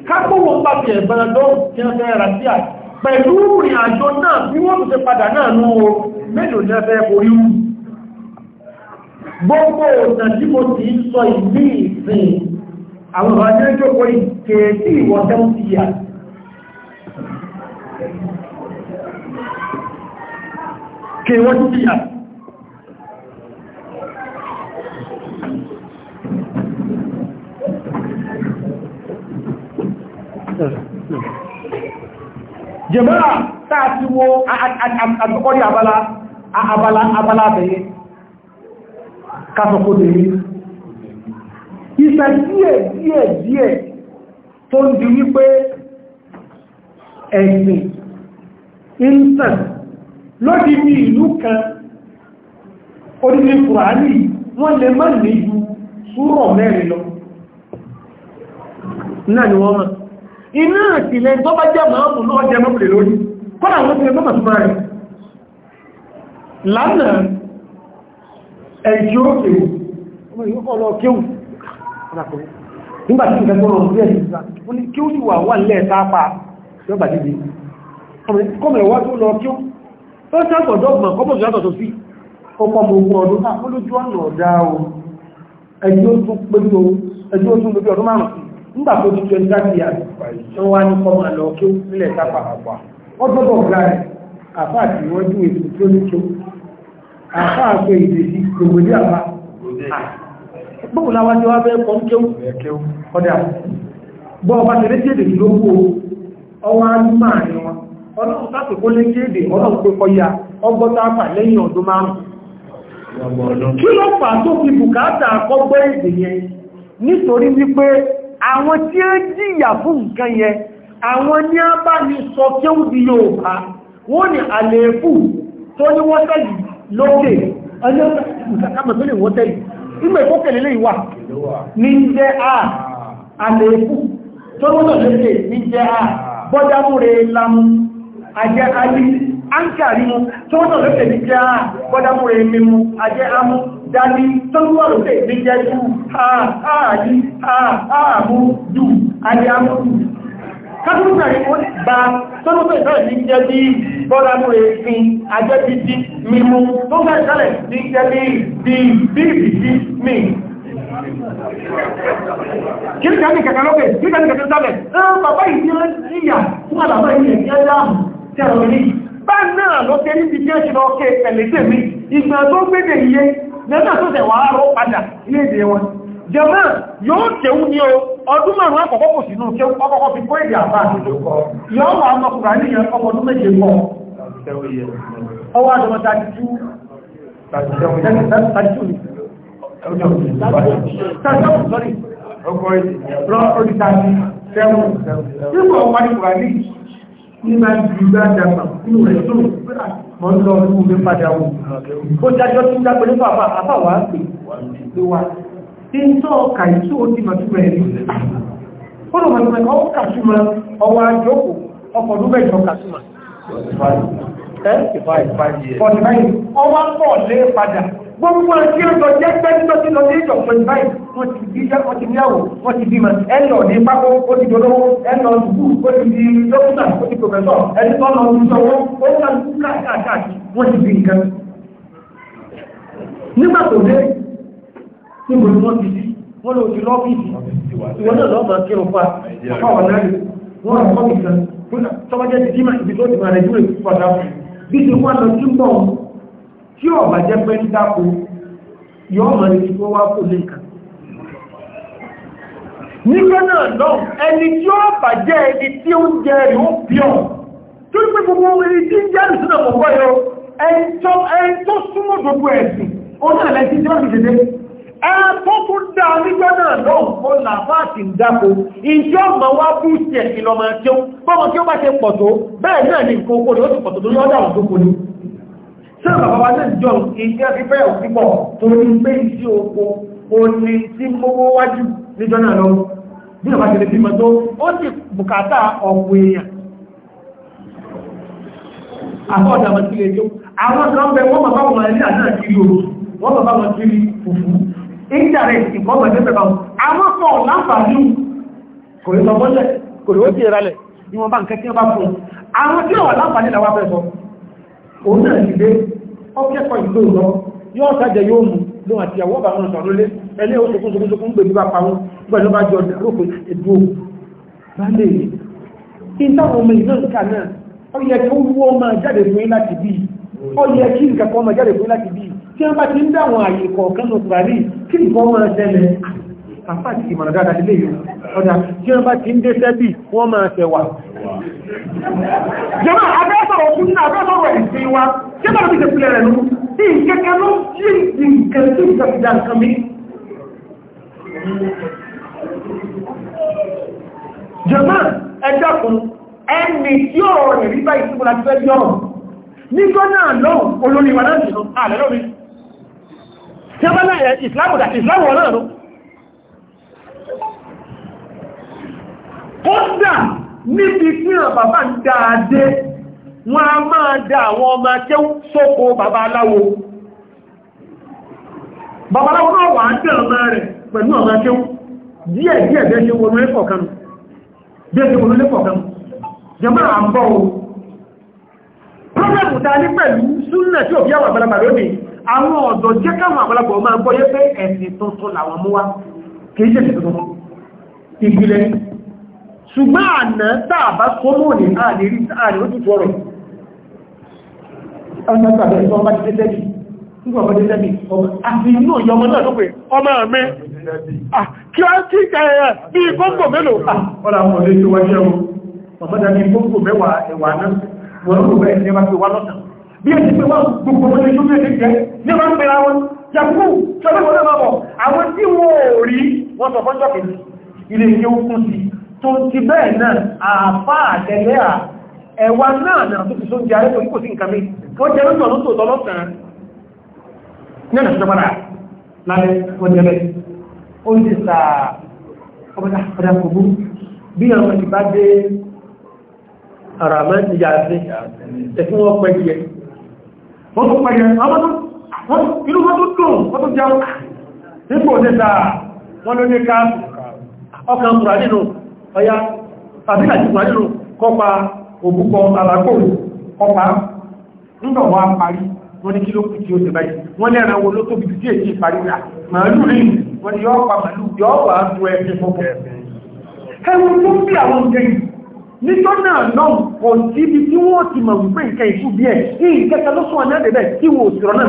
A: kápọ̀wọ́ pàtẹ̀ ẹ̀bẹ̀rẹ̀ dọ́ tí wọ́n fẹ́ ra sí à pẹ̀lú rìn àjò náà bí wọ́n fi padà náà nú o mélòó ní ẹfẹ́ orí wù gbogbo ọ̀nà tí mo ti sọ ìlú ìsìn àwọn ọ̀rọ̀ ajẹ́jọ́ pọ̀ ìkẹ̀ẹ́sì ìwọ̀n tẹ́ kí wọ́n ti jíyà jẹmọ́ra táà ti wo àgbẹ́kọ́rí abala abala abala bẹ̀yẹ kásọ̀kó lè rí ìfẹ̀ díẹ̀ díẹ̀ díẹ̀ tó ń di wípé ẹ̀sìn ìntàn lódi ní ìlú kan orílẹ̀ kùránì wọ́n lè má ní ju súrọ̀ mẹ́rin lọ náà ni wọ́n máa iná àtìlẹ̀ tó bá jẹ́ máa mú náà jẹ́ mọ́bìnrin lórí kọ́nà àwọn tí ẹgbẹ́ màtúmà ọmọ ìyókọ̀ yọ́gbà níbi kọ́mọ̀ ẹ̀wà tó lọ kí ó sàtọ̀dọ́gbọ̀n kọ́mọ̀ ìyàtọ̀ tó sí ọkọ̀ mọ̀ ọdún ah, náà olójú ọ̀nà o ẹjọ́ tó pẹ́lú ẹjọ́ tó lóbi ọdún márùn nígbà tó ti jẹun dábì àtọ́ wá ní kọ́mọ̀ lọ kí ó sílẹ̀ sápà ọdọ́dọ̀ gbà rẹ̀ àfáà ah, tí wọ́n jú ètò tó ní kí àfáà pé ìdèjì gbogbo ní àfá gbogbo láwájú wá fẹ́ kọ́ ń kéwù ọ̀dà bọ́ ọba tẹ̀lé tí èdè ló kú o ọwọ́ alúmọ̀ àárín wọn ọlọ́run sáàtì kó lé kéèdè ọlọ́run pé kọya ọgbọ́ta àpà lẹ́yìn ọdún márùn kí ló fà tó fi bùkátà èdè yẹn nítorí wípé àwọn tí ó jíyà fún nǹkan yẹn àwọn ní sọ kí ó di ní àlèébù tó bọ́dámúre lamu ajẹ́ alí áńkàrí mu tó wọ́n lọ́pẹ̀ ní jẹ́ àà bọ́dámúre mímu ajẹ́ amú dání tó wọ́n lọ́pẹ̀ ní jẹ́ jù ààrí ààmú jù ajẹ́ amú jù kákùnrin ó gba tọ́lọ́pẹ̀ náà ní jẹ́ bí bọ́dámúre fi ajẹ́ bí bí mímu tó fẹ́ sẹ́lẹ̀ ní jẹ́ bí bí bí bí mi
B: kíríkà ní kẹ̀kẹ́ lókè
A: kíríkà ní kẹ̀kẹ́ sálẹ̀ ẹ̀rọ bàbá ìdí ìyà fún àlàbà ìyẹ̀ ní ẹ̀dá tẹ̀rọ ní bá náà ló tẹ́ níbi jẹ́ ṣe lọ́kẹ́ ẹ̀lẹ́sẹ̀ mi ìgbà tó gbédè iye lẹ́nà tó tẹ̀ wàá rọ padà ilé èdè wọn jẹ́mọ́ yóò tẹ̀wú ní ọdún márùn-ún àkọ́kọ́ kò sínú kí ọkọ̀kọ́ fi kó èdè àbá àtijọ́ yọ́ wà mọ́kùnrin àníyàn ọmọ méje pọ̀ Nígbà tí ìgbà àjàmà inú rẹ̀ tó mọ́ lọ inú rẹ̀ padà wù. Ó dájọ́ tí dápẹ́ nípa àfàwà pè ló wà. Tí ń tọ́ ọkà ìtú ó ti mọ̀tú rẹ̀ rí. Ó lọ mọ̀tú rẹ̀ ọwọ́ kàṣúmọ̀ ọwọ́ àjọ́kù ọkọ̀ lúbẹ̀ ìjọ kàṣúmọ̀. 45 ọwọ́ pọ̀ lé padà gbogbo ẹtí ẹjọ jẹ pẹ́ẹ́tọ́ tí lọ sí ẹjọ twenty five wọ́n ti bí iṣẹ́ wọ́n ti níyàwó wọ́n ti bímọ ẹnlọ ní pákó ó ti dolówó ẹnlọ dùkú ó ti di dókítà ó ti pòfẹsọ ẹni tó lọ sí sọwọ́ ó ń ka káàkiri wọ́n ti bí nǹkan. nígbà tó dé níbo ni wọ́n ti di wọ́n lọ sí lọ́fíìsì ìwọ náà lọ́ọ́ máa kírun wọ́n rà tí ọ̀bà jẹ́ pé dákò yọ́ mọ̀ ní tó wá kò lè kàn nígbẹ́ náà náà ẹni tí ó bà jẹ́ ẹni tí ó jẹ yóò bí ọ̀ tó ní pé gbogbo ẹni tí ń jẹ́ ìsúná mọ̀kọ́ yọ ẹni tó súnmọ́ gbogbo ẹ̀sìn ó náà lẹ́sí tí wọ́n fi dédé ẹran tó tún dá nígbẹ́ náà náà ó làfáàtì ń dákò ìjọ ọmọ wa bú sí ẹ̀sìn lọ́mọ tí ó bọ́mọ tí ó bá ṣe pọ̀ tó bẹ́ẹ̀ náà ni nǹkan okòrò ó ti pọ̀ tó lọ́dà òdókòrò ṣé bàbá wa náà jọ ìjẹ́ fífẹ́ òpípọ̀ tó ní pé iṣẹ́ oko oní tí mówó wájú níjọ́ náà lọ bí ọba tẹ̀lé bímọ tó ó sì bùkátà ọ̀pọ̀ èèyàn àbọ̀ ọ̀dàmọ̀ sí ẹjọ́ àwọn kan bẹ wọ́n bàbá wọn ẹni àti àti ìlú wọ́n bàbá wọn sí fùfú ìjàrẹ̀ ìkọ́mọ̀ ẹgbẹ́ bẹ̀bà àwọn kan láǹfààní kò rí sọ mọ́lẹ̀ kò rí ó sì rálẹ̀ ni òun náà ti dé ọkẹ́kọ̀ọ́ ìlú lọ yóò sájẹ yóò mú lóhun àti àwọn ọba wọn sọ̀rọ̀ lé ẹlẹ́ òṣèkún sókúnsókún gbèbí bá pa wọn gbà ló bá jọ dáròkò ètò bá lè rí ìtàwọn ọmọ ìlú nǹkan náà ó yẹ kí owó ọmọ jáde fún yín láti bí ó yẹ kí nǹkan kan ọmọ jáde fún yín láti bí tí wọn bá ti ń dáwọn àyè kọ̀ọ̀kan nù àfáàtì ìmọ̀nà dáadáa ilé yìí ọ̀dá tí wọ́n bá ti ń dé sẹ́bì wọ́n máa tẹ̀wà
B: jẹ́mọ́ abẹ́sọ̀rọ̀
A: fún ní abẹ́sọ̀rọ̀ ẹ̀sìn wa tí wọ́n bí i tẹ̀pìlẹ̀ rẹ̀ lókún tí ìkẹ́kẹ́ ló tí ìkẹ́ tí ìtàkìdá nǹkan mi jẹ́mọ́ ẹjọ́kùn ẹni tí ọ̀rọ̀ rẹ̀ rí bá ìsìnkúra tí fẹ́ yọ̀rọ̀ nígbọ́ náà lọ́wọ́ olórin wa náà jùlọ ààrẹ lórí tí wọ́n bá náà ìsìlámù náà lọ́rùn kódà níbi tí ràn bàbá ń dáadé wọ́n a máa dá àwọn ọmọ akẹ́ sóko bàbá aláwo bàbá aláwo náà wà á dẹ̀ ọmọ rẹ̀ pẹ̀lú ọmọ akẹ́ díẹ̀ díẹ̀ bẹ́ẹ̀ ṣe wọnú lẹ́kọ̀ọ̀kan bẹ́ẹ̀ ṣe wọnú lẹ́kọ̀ọ̀kan jẹmọ́ à ń bọ́ o pọ́lẹ̀mù ta ní pẹ̀lú súnlẹ̀ tí òbí àwọn àgbàlagbà lónìí àwọn ọ̀dọ́ jẹ́ káwọn àgbàlagbà ọmọ agbọ́yé pé ẹ̀sìn tuntun làwọn mú wá kìí ṣe ìgbìlẹ̀ ṣùgbọ́n àná tàbá kọmọ̀ ní ààrín ààrín òtútù ọ̀rọ̀ ọmọdé ọmọ tẹ́tẹ́bì ọmọ tẹ́tẹ́bì àti inú ìyọ ọmọ náà lópe ọmọ mi ah, kí ó tí kẹrẹ bí i gbogbo mélòó ah, ọ̀rọ̀ àwọn ọmọdé tó wáyé ọmọ ọmọdé ní gbogbo mẹ́wàá ẹ̀wà náà wọ́n rò bẹ́ẹ̀ ní wá fi wá lọ́tàn bí ẹ̀ ti pé wọ́n gbogbo ọmọdé tó mẹ́rin jẹ́ ní wọ́n pẹ̀lá wọn jàkú sọ́lọ́wọ́n náà bọ̀ àwọn tí wọ́n rí wọ́n sọ fọ́njọ́ kìí ilé ìjẹ́ òkun sí tó ti bẹ́ẹ̀ náà àfá àtẹ́lẹ́ à ẹ̀wà náà náà tó ti só ń jẹ arẹ́kọ̀ ní kò sí nǹkan mí tó jẹ lójú ọ̀nà tó tọ́lọ́sàn náà tó padà lálẹ́ wọ́n jẹ́ bẹ́ẹ̀ ó ń ti sà ọmọdé kò bú bí àwọn ti dé ara ọkàn kùrà nínú ọya tàbí àjíkà nínú kọpa òbúkọ alágbò kọpa nígbà wọ́n parí wọ́n ní kí ló kù tí ó ṣe báyìí wọ́n lẹ́ra wo ló tóbi tí èyí parí rà màálù rí wọ́n ni yọ́ pa màálù yọ́ wà á tó ẹgbẹ́ fọ́pọ̀ ẹwọ́n tó ń bí àwọn gẹ̀yìn nítọ́ náà náà kọ̀ síbi tí wọ́n ti mọ̀ wípé nǹkan ìtúbí ẹ̀ ní ìkẹta lọ́sùn ọ̀nà ẹ̀dẹ̀bẹ̀ tí wọ́n òsìrọ̀ náà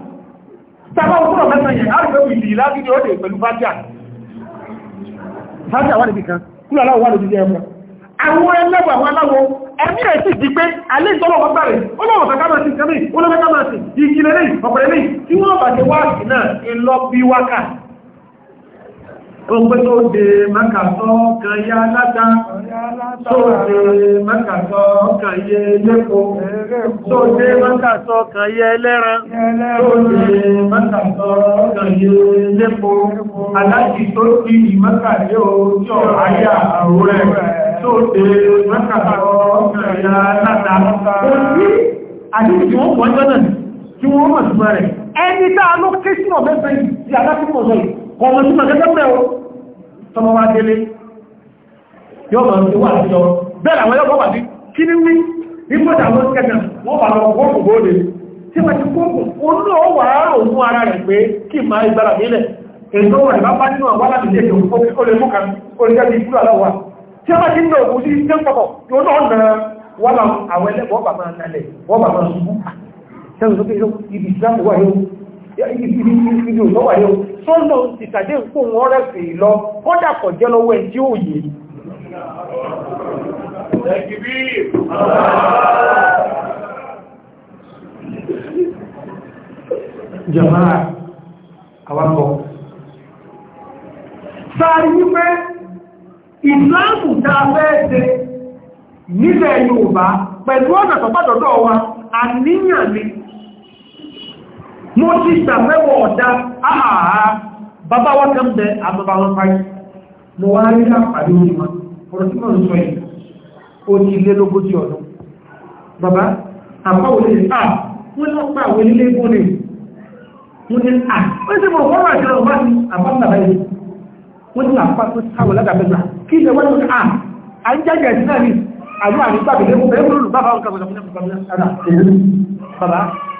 A: tàbá òkúrò mẹ́sàn yẹn àrùfẹ́ ìlì láti ní ọdẹ pẹ̀lú fátíà fátíà wà níbi kan kúrò aláwọ̀ wà lójú jẹ́ ẹmọ àwọn ẹlẹ́bọ̀ àwọn aláwọ̀ ẹ̀mí ẹ̀ sì di pé alẹ́ ìtọ́lọ̀ wọn bẹ̀rẹ̀ ọlọ́wọ̀ fẹ́ kámẹ́sì kẹ́mí olófẹ́ kámẹ́sì ìkìlẹ̀ lẹ́yìn ọ̀pẹ̀rẹ̀ lẹ́yìn tí wọ́n bàjẹ́ wáàkì náà ń lọ bí wákà Ogbe tó dé mẹ́kàtọ́ kan yá látá, tó dé mẹ́kàtọ́ kan yẹ lépo, tó dé mẹ́kàtọ́ kan yẹ lẹ́ran, tó dé mẹ́kàtọ́ kan yẹ lépo, aláti tó kí ìmẹ́kàtẹ́ ojú àyà àwúrẹ̀, tó dé mẹ́kàtọ́ kan yá látá. Ó sí àdíkì tí wọ́n pọ̀ jọ́nà tí wọ́n mọ̀ ọmọ tí ma gẹ́gẹ́ pẹ́ o tọmọ wá délé yọ́ ma ń tó wà jọ bẹ́ẹ̀ àwọn yọ́ wà ní kí ní wí ní mọ́ta lọ kẹta wọ́n bá lọ kókò bóde tí ma ti kókò oúnjẹ ó wà á rò fún ara rẹ̀ pé kí ma ìgbára nílẹ̀ èso wà ní bá bá nínú àwọn alábi jẹ́ ìjọba ó lè mú kan ó lè jẹ́ ìfúlù aláwà tí a bá ti ń lọ òkú sí jẹ́ pọ̀pọ̀ yóò náà nà wọ́n bá àwọn ẹlẹ́gbọ́ bá máa nalẹ̀ wọ́n bá máa sùn sẹ́nu sókè ibi ìsìlámù wà yóò ibi ìsìlámù wà yóò tó lọ ti tàdé ń kó wọn rẹ̀fẹ̀ lọ kọ́dà kọ̀ jẹ́ lọ́wọ́ ẹ̀ tí ó yé jàmáà àwákọ̀ sáàrí wípé ìsìláàmù tá a fẹ́ ṣe nílẹ̀ Yorùbá pẹ̀lú ọ̀nà tọ́pàdọ̀dọ̀ wa àníyàn ni mo ti ṣàfẹ́wọ̀ ọ̀dá àhàhà bàbá wá kan bẹ àbàbà wọn fáyé mo wá rí àpàdé orí wọn ọ̀rọ̀ tí wọ́n sọ yìí ó ti lé lógójì ọdún bàbá àpáwọlé à wọ́n lọ pa àwọn ilé ìbò ní wọ́n ní à wọ́n sì mọ̀ fọ́nà àti ọ̀rọ̀ bá ti àbábà báyìí wọ́n ní àpá tó sáwọ̀ lágàbẹ́gbà kí ìṣẹ́ wọ́n ní à à ń jáde àti náà ní àwọn àrígbàgbẹ̀lẹ́gbẹ̀ẹ́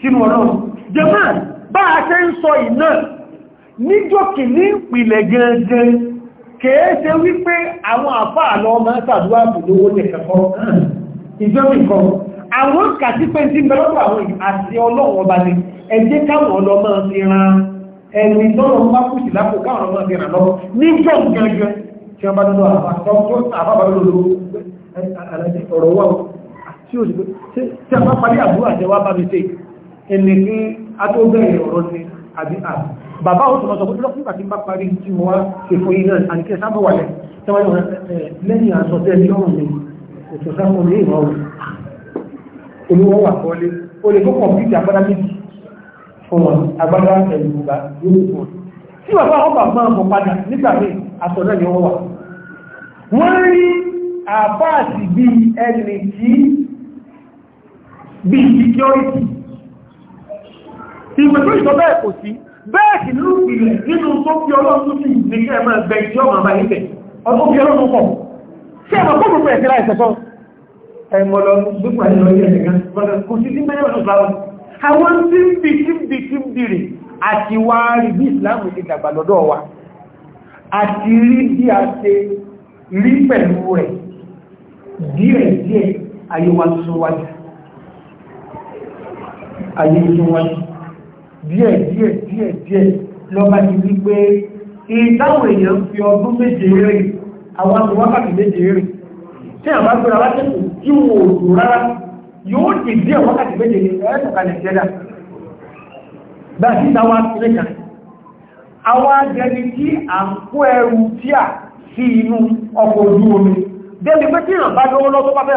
A: sínú ọlọ́run jẹmọ́ bá a ṣe ń sọ ìná níjọ́kì ní ìpìlẹ̀ gẹ́gẹ́ kèése wípé àwọn àfáà lọ máa sàdúwà bùdówó nìkẹ́kọ́ ìjọ́mìkan àwọn kàtí pé tí mẹ́lọ́pọ̀ àwọn àti ọlọ́run ọba ni ẹjẹ́ káwọn ọlọ máa fi ran ẹni lọ́rọ̀ bá kù sí lápò káwọn ọlọ́ máa fi ràn lọ́wọ́ níjọ́ gẹ́gẹ́ tí wọ́n bá dọ́dọ̀ àbábàlọ́lọ́wọ́ ẹni ní atóbẹ̀rẹ̀ ọ̀rọ̀ sí àbí àbí bàbá ó tún ọ̀sọ̀gbọ́n lọ́pùn ìgbà tí bá parí tí mo wá ṣe fún iná àti sábọ̀ wà lẹ́yìn àṣọ́tẹ́ ní ọ̀rùn mi ètò sábọ̀ ní ìwọ̀n rẹ̀ olúwọ́ wà kọ́lé ó lè kọ́kọ̀ bí ìjàgbádá méjì fún wọn agbádá ẹ̀lùgbà yóò tí bàbá ọba máa bọ̀ padà nígbà mí aṣọ náà ni wọ́n wà wọ́n rí àbáàsì bí ẹni tí bí security ìwé tó ìtọ́ bẹ́ẹ̀ kò sí bẹ́ẹ̀ sì nínú ìlẹ̀ nínú tó fi ọlọ́run tó sì ní kí ẹ máa gbẹ ìjọ máa bá ibẹ̀ ọdún fi ọlọ́run pọ̀ ṣé ẹ máa kó gbogbo ẹ̀sìn láìsẹ̀ sọ ẹ mọ lọ gbogbo àti lọ yẹn nìkan kò sí sí mẹ́rin ọdún fúláwọ́ àwọn tí ń bi tí ń bi tí ń bìrì àti wá rí bí ìsìláàmù ti dàgbà lọ́dọ̀ wa àti rí bí a ṣe rí pẹ̀lú rẹ̀ díẹ̀ díẹ̀ ayé wa tún wájú ayé tún wájú díẹ̀ díẹ̀ díẹ̀ díẹ̀ lọ́ba ti wí pé ìtàwọn èèyàn fi ọdún méje rè àwọn àti wákàtí méje rè tí àwọn agbára wá tẹ̀kù tí wò ó dùn rárá yóò dì díẹ̀ wákàtí méje ní ẹ̀ẹ́dọ̀kalẹ̀ jẹ́dà bá sí ìtawà sílẹ̀ kan àwọn agẹni tí à ń kó ẹrù tí à sí inú ọkọ̀ ojú omi débi pé tí ìrànbá lọ́wọ́lọ́wọ́ tó bá fẹ́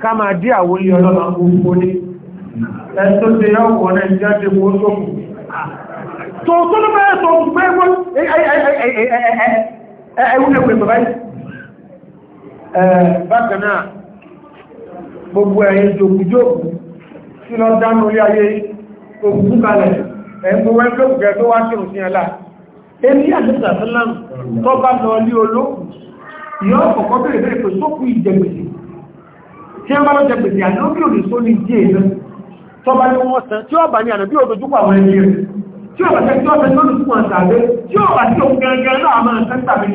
A: ká máa dí àwọn ilé ọlọ́lọ́ gbogbo ní ẹ̀tọ́ ti yọ wọ́n ní jáde wọ́n tó kù tó tó ló bẹ́ẹ̀ tó gbé wọ́n ẹ̀wùn ẹ̀pẹ̀ bàbá yìí bákan náà gbogbo ẹ̀yìn jòkújòkú tí lọ dánú orí ayé òkú kalẹ̀ ẹ̀gbọ́n wẹ́n tó gẹ̀ẹ́ tó wá sí òsìn ẹ̀lá èmi àtẹ́sà sílẹ̀ tó bá lọ ní olóòkú yóò kọ̀kọ́ bẹ̀rẹ̀ bẹ̀rẹ̀ pẹ̀sókù ìjẹgbèsè tí ó bá lọ́jẹ́ pèsè àlóbí òní só ní díẹ̀ náà tó bá ní wọ́n sàn tí ó bá ní ànàbí òdójúkọ àwọn ẹni rẹ̀ tí ó bá tẹ́ tí ó bẹ̀ tó ní fún àtàgbé tí ó bá tí ó gẹ̀ẹ́gẹ̀ náà máa sẹ́ńtà mi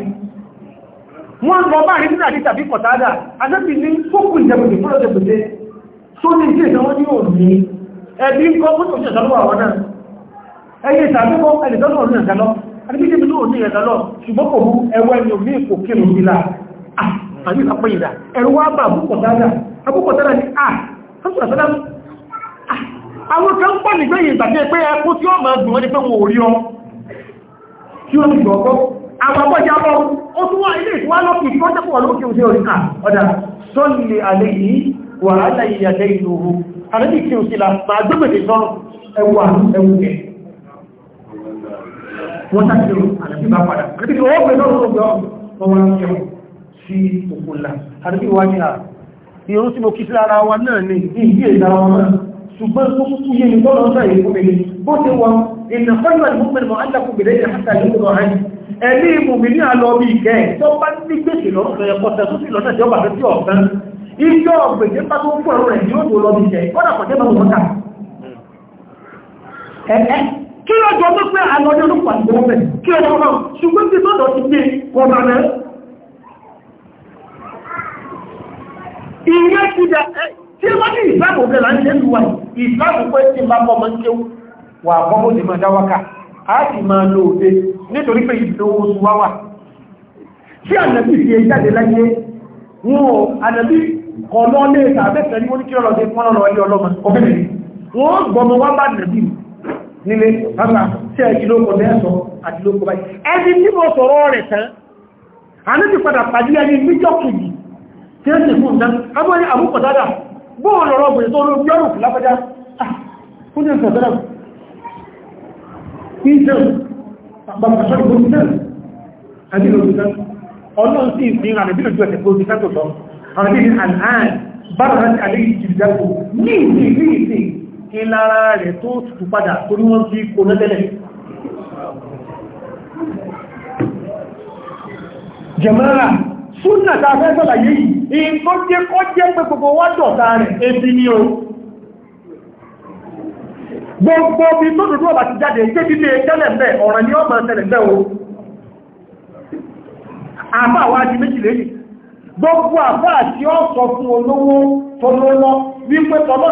A: wọ́n lọ bá rí nígbàdí tàbí kọ̀tádà adébì ní fókù ìjẹ̀bùdì fún lọ́jẹ́ pèsè só ní díẹ̀ náà ní òní ẹbí ń kọ́ fún òṣèṣẹ́ lọ́wọ́ àwọn náà ẹyẹ ìsàgbékọ́ ẹnìtọ́nà òní ẹ̀dálọ́ adébìdébì ló ní ẹ̀dálọ́ ṣùgbọ́n kò mú ẹwẹ́ ni òmí ìkòkè lòmìnira ah, àbí ìsàpẹ́yìnà ẹ̀rù wá bà mú kọ̀tádà abúkọ̀tẹ́lá ní àṣùsàtẹ́lá àwọn kan pọ̀ nígbẹ̀yìn ìgbàtẹ́ pé ẹkú tí ó máa gbùnmọ́ ní pé wọn ò rí ọ tí ó gbùn ọkọ́ àwọn abọ́já bọ́ ó tún wà ilé ìtúwà lọ́pì tí ó jẹ́ pọ̀ lókè òṣèrè orí ọ̀dà sọ́lẹ̀ alẹ́ yìí wà láyé ìyàjẹ́ ìlú ogun àrẹ́bì kí o sí la máa gbẹ́gbẹ̀dẹ̀ sọ́rọ̀ ẹwà ẹwùgẹ̀ wọ́n tàbí àrẹ́bì bá padà ìrún tí mo kí sí ara wa náà ni ìgbé ìdára wọn náà ṣùgbọ́n tó kúkú yé mi tọ́lọ́ náà yìí fún mi bó ti wọ ìnà fẹ́lẹ̀ ìlú pẹ̀lú mọ̀ ájá kúgbèrè ìyá hátà ní ọdún ọ̀rẹ́ ẹ̀mí ìmùmí ní àlọ́ bí ìkẹ́ tó bá ní gbèsè lọ́rọ̀ ẹ̀kọ́ tẹ̀ tó sì lọ́nà tí ó bàtẹ́ tí ọ̀gbẹ́ ìjọ ọ̀gbẹ̀jẹ́ bá tó ń fún ẹ̀rọ rẹ̀ yóò tó lọ bí ìkẹ́ kọ́dà kọ̀jẹ́ bá wọn kà ẹ̀ẹ́ kí lọ́jọ́ tó pé àlọ́ ní olùpàdé wọn bẹ̀ kí lọ́jọ́ náà ṣùgbọ́n tí tọ́jọ́ ti dé kọ̀ọ̀nà ìyẹ́ ti dà tí wọ́n ní ìsáàbò bẹ̀rẹ̀ láti lẹ́nu wa ìsáàbò pé tí bá bọ́ mọ́ kéwú wà bọ́bọ́ ní máa dáwákà á sì máa lò òde nítorí pé ìdówó wá wà tí ànàbí fi jáde láyé wọn ò ànàbí kọ̀ọ̀lọ́ lé e tàbẹ́sẹ̀ ní oníkí ọlọ́dẹ fún ọlọ́ ilé ọlọ́mọ ọbẹ̀rẹ̀ wọn gbọmọ wá bá nàbí nílé bàbá tí ẹ kí ló kọ bẹ́ẹ̀ sọ àti tí ó sì fún ǹdá agbọ́n ní àbúkọ̀ dada bóòlù ọ̀rọ̀ ọ̀gbìn tó lórí ọ̀rùn lápẹ́já fún ah, ní ọ̀sẹ̀ dada ìjẹun àpapàṣọ́ ìgbòmìtẹ́ àdílòmìtẹ́ ọlọ́run sí ìfihàn àmì bí lójú ẹ̀sẹ̀ kó ti kẹ́tò sọ àti àlàáì bára láti àléyìí jìrìdàkù ní ìsì ìlú ìsì ìlara rẹ̀ tó tutù padà torí wọ́n fi kò nẹ́tẹ́lẹ̀ jẹmọ́ra súnà tá a fẹ́ yìí in tó jẹ́ gbogbo wá dọ̀ta rẹ̀ ebi ni o gbogbo bí tó dùdú ọba ti jáde tébí lè tẹ́lẹ̀ mẹ́ ọ̀rọ̀ ni ọmọ tẹ́lẹ̀ mẹ́ o àbá wa di méjì gbogbo àbá àti ọ̀sọ̀ fún olówó tọ́lọ́lọ́ wípé tọ́lọ́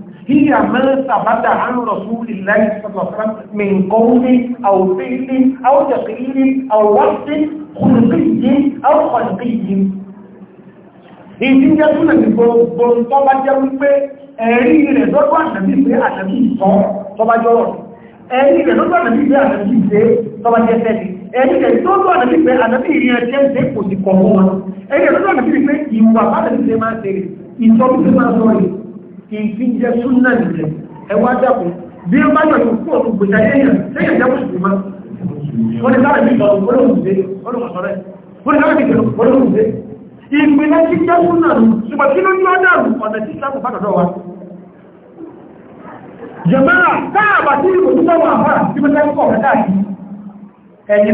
A: هي ما ثبت عن رسول الله صلى الله عليه وسلم من قول أو فعل أو تقرير أو وقت خلقي أو خلقي èyí ń jẹ́ túnlẹ̀ ní gbogbo tó bá jẹ́ wípé ẹ̀rí rẹ̀ lọ́dọ̀ àtàbí pé àtàbí ìsọ́ tó bá jọ́rọ̀ ẹ̀rí rẹ̀ lọ́dọ̀ àtàbí pé àtàbí ìsẹ́ tó bá jẹ́ tẹ́lẹ̀ ẹ̀rí rẹ̀ lọ́dọ̀ àtàbí pé àtàbí ìrìn ẹ̀jẹ́ kò sí kọ̀ ìfi jẹ súnà nìyẹn ẹwà dàkún bí ó bá yọ̀tún fún òtún gbèsè ayéyàn lẹ́yìn ìjẹ́ mùsùlùmí ma wọ́n ni sára bí ìbọn olóòmùsẹ́ olóòmùsọ́rẹ́ wọ́n ni sára bí ìbọn olóòmùsẹ́ ìpínlẹ̀ tí jẹ́ súnà nù ṣùgbọ́n kí ló ní ọ́dàrù ọ̀nà tí sáà kò bá dọ̀dọ̀ wa jẹ̀mẹ́rà táàbà tí ìbò tó sọ́wọ́ àfáà tí mo sẹ́kọ̀ kọ̀ kẹ́kà yìí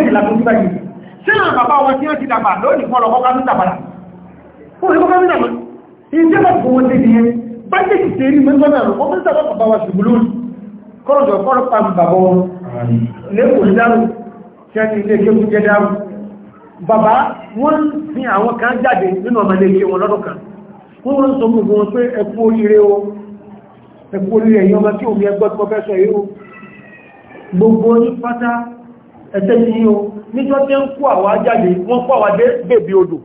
A: ẹ̀yìn náà tí àwọn bàbá wọn tí ó ti dàgbà lónìí fún ọlọ́kọ́ kámítà padà fún ọlọ́kọ́ kámítà mọ́ ìjẹ́ bá fún wọn ti di yẹn bá jẹ́ ti tèrí mẹ́gbọ́nà rẹ̀ wọ́n mẹ́ta bàbá wa ṣùgbọ́n lónìí kọ́rọ̀jọ̀ kọ́rọ̀ pa bàbá wọn lẹ́kùn dárù tí a ti ilé ẹgbẹ́ jẹ́ dárù bàbá wọ́n fi àwọn kan jáde nínú ọmọ ilé wọn gbogbo wọn ẹ̀sẹ̀ ti yíò níjọ́ tí ń kó àwa jáde wọ́n kó àwa dé bèbè odò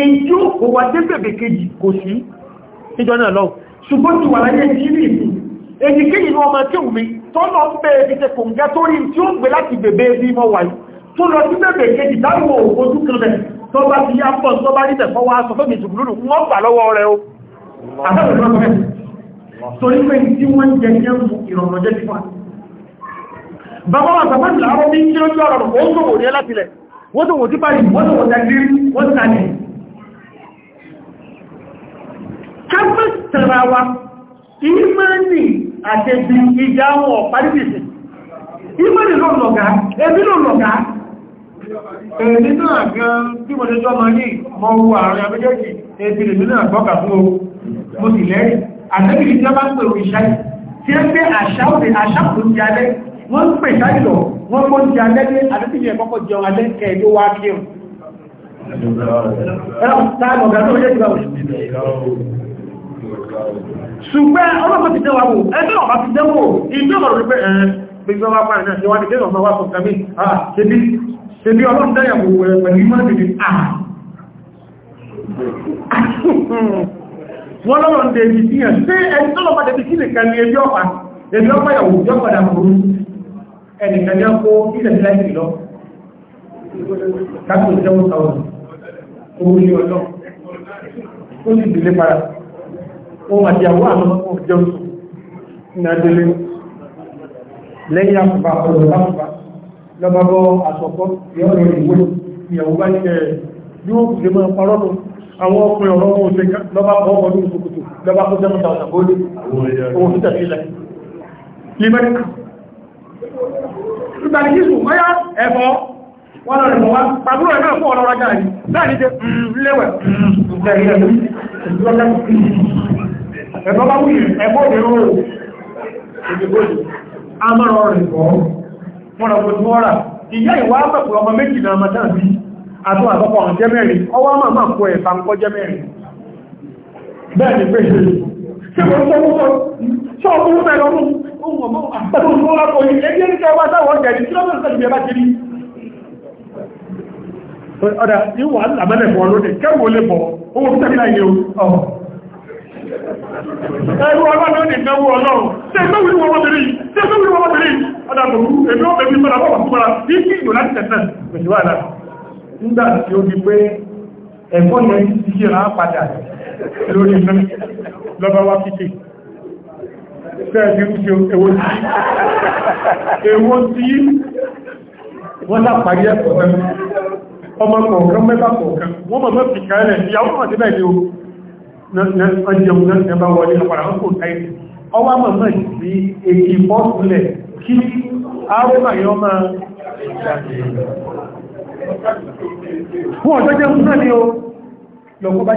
A: ìjú kò wá dé bèbè kejì kò sí níjọ́ náà lọ ṣùgbọ́n ti wà láyé ìjírí ìsìn èdè kéyìn ní ọmọ kéwù mi tó lọ ń bẹ̀rẹ̀ ti tẹ kòǹgá tó rí tí ó gbé láti bèbè bí mọ́ wáyé tó lọ sí bèbè kejì dáwọ̀ ojú kan rẹ̀ tó bá ti yá pọ̀ tó bá rí tẹ̀fọ́ wá sọ fẹ́mi ìtùgbùlùdù wọ́n gbà lọ́wọ́ rẹ̀ o
B: àtàlùfẹ́
A: torí pé tí wọ́n jẹ jẹ́ ìrọ̀rọ̀ jẹ́ bàbá wà sàfẹ́ ìlàrọ̀ bí kí lójú ọ̀rọ̀ ó ń gbogbo ní ẹlápìlẹ̀ wọ́n tó wò tí báyìí wọ́n tó wò tẹ́gbí wọ́n tó tàní kẹfẹ́ tẹ̀ra wa ìmẹ́ni àtẹ́bí ìjà wọn ọ̀pàdìbìsì ìmẹ́ni ló lọ̀gá ẹbí ló lọ̀gá èdè náà gan tí mo lójọ́ ma ní mọ́ o mo sì lẹ́rìn àtẹ́bí ìjọba ń pè òṣìṣẹ́ tí ó gbé àṣà òṣìṣẹ́ àṣà òṣìṣẹ́ wọ́n ń pè sáyì lọ wọ́n mọ́ jẹ alẹ́ ní àdébìnrin ẹ̀kọ́kọ́ jẹun alẹ́ kẹ́ẹ̀dó wá kí o ṣùgbọ́n ọlọ́pàá ti dẹ́wà wò ẹgbẹ́ ọ̀pá ti dẹ́wò ìjọ́ ọ̀rọ̀ wípé ẹ̀ẹ́ gbígbọ́ wá pàrẹ̀ náà ṣe wá ní kéèrè ọ̀pá wá fún kàmí àà ṣe bí ọlọ́pàá dẹ́yàwó pẹ̀lú ìmọ̀ ìdìdì àà wọ́n lọ́rọ̀ ń dẹ̀ ibi sí ẹ̀ ẹnìkan ní ọkọ̀ ìṣẹ̀lẹ̀ láìsí lọ káàkiri ìjẹ́wọ́ sáwọn orí ọjọ́ ó sì dìlé para ohun àti àwọn àwọn ọmọ ìjẹun ní adélé lẹ́yìn àpùpà ọ̀rọ̀ lápùpà lọ́bàbọ́ àsọ̀kọ́ ìyọ́rọ̀ ìwé ìyàwó bá ní ẹ̀rẹ̀ yóò lè mọ́ parọ́nù àwọn ọkùnrin ọ̀rọ̀ wọn òṣè lọ́bà pọ̀ ọmọdún ìsòkòtò lọ́bà kó jẹ́ mọ́ta ọ̀nà bóòlù ohun nígbàtí kí sùn mọ́yá ẹ̀fọ́ wọ́n lọ rẹ̀ pàbúrò ẹ̀ fún ọ̀rọ̀ ọjà rí mm, láàrin jẹ́ lẹ́wẹ̀ ẹ̀fọ́ bá wùí ẹ̀fọ́ òbìnrin oòrùn òjìgbò àmọ́rọ̀ ṣé wọ́n tó mú sọ ṣọ́ ọmọ mú sẹ́yọ mú ohun ọmọ àtàkùn tó lápò yìí ẹgbẹ́ ní kẹwàá sáwọn ọjà ìdí tílọ́mọ̀ ìsẹ́ ìbí ẹbá kiri ọ̀dà ìwà àmẹ́lẹ̀ bọ̀ lónìí kẹwò lè bọ̀ owó tẹ́bí náà yẹ o ẹ̀rù ọlọ́dún ní ìnáwó ọlọ́run ṣe ìgbẹ́ wíwọ́ ọmọdéré yìí ṣe ìgbẹ́ wíwọ́ ọmọdéré yìí ọ̀dà bòrú èmi ó bẹ̀bí sọ́dà bọ́wà fún ara ní kí ìlú láti tẹ̀sẹ̀ pẹ̀lú àlà nígbà tí ó di pé ẹ̀kọ́ yẹn ti yẹra padà lórí iná lọ́bá wá kíkè sẹ́ẹ̀dì ṣe èwo tí wọ́n lápàrí ẹ̀kọ́ ọmọ kọ̀ọ̀kan mẹ́bà kọ̀ọ̀kan wọ́n mọ̀ mọ́fì kẹ́lẹ̀ ìyàwó mọ̀ síbẹ̀ ní ọjọ́ ìjọba wọlé àpàrà ń kò táìsì ọwá mọ̀ mọ̀ sí èyí fọ́sùlẹ̀ kí arúgbà yọ máa fún ọjọ́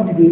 A: jẹ́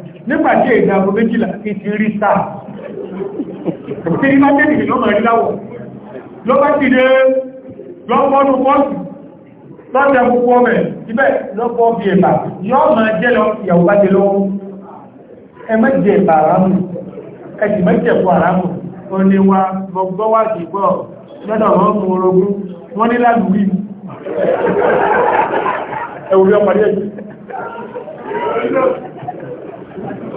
A: nígbàtí ìdàgbò méjìlá ìtì rí sáà tí ní máa tẹ́lì lọ́mọ̀ rí láwọ̀ ló bá ti dé lọ́pọ̀ọ́nù pọ́ọ̀sì lọ́jẹ́ púpọ̀ mẹ́ ibẹ̀ lọ́pọ̀ bí ẹ̀bà yọ́ máa jẹ́ lọ ìyàwó bá jẹ́ lọ́wọ́ ẹ mẹ́jẹ̀ ẹ̀bà àrámù ẹ sì mẹ́jẹ̀ fún àrámù ó ní wa gbọ́gbọ́ wà sí pọ̀ lọ́dọ̀ wọn mú orogún wọ́n ní lálùwí ẹ̀wùrí ọmọdé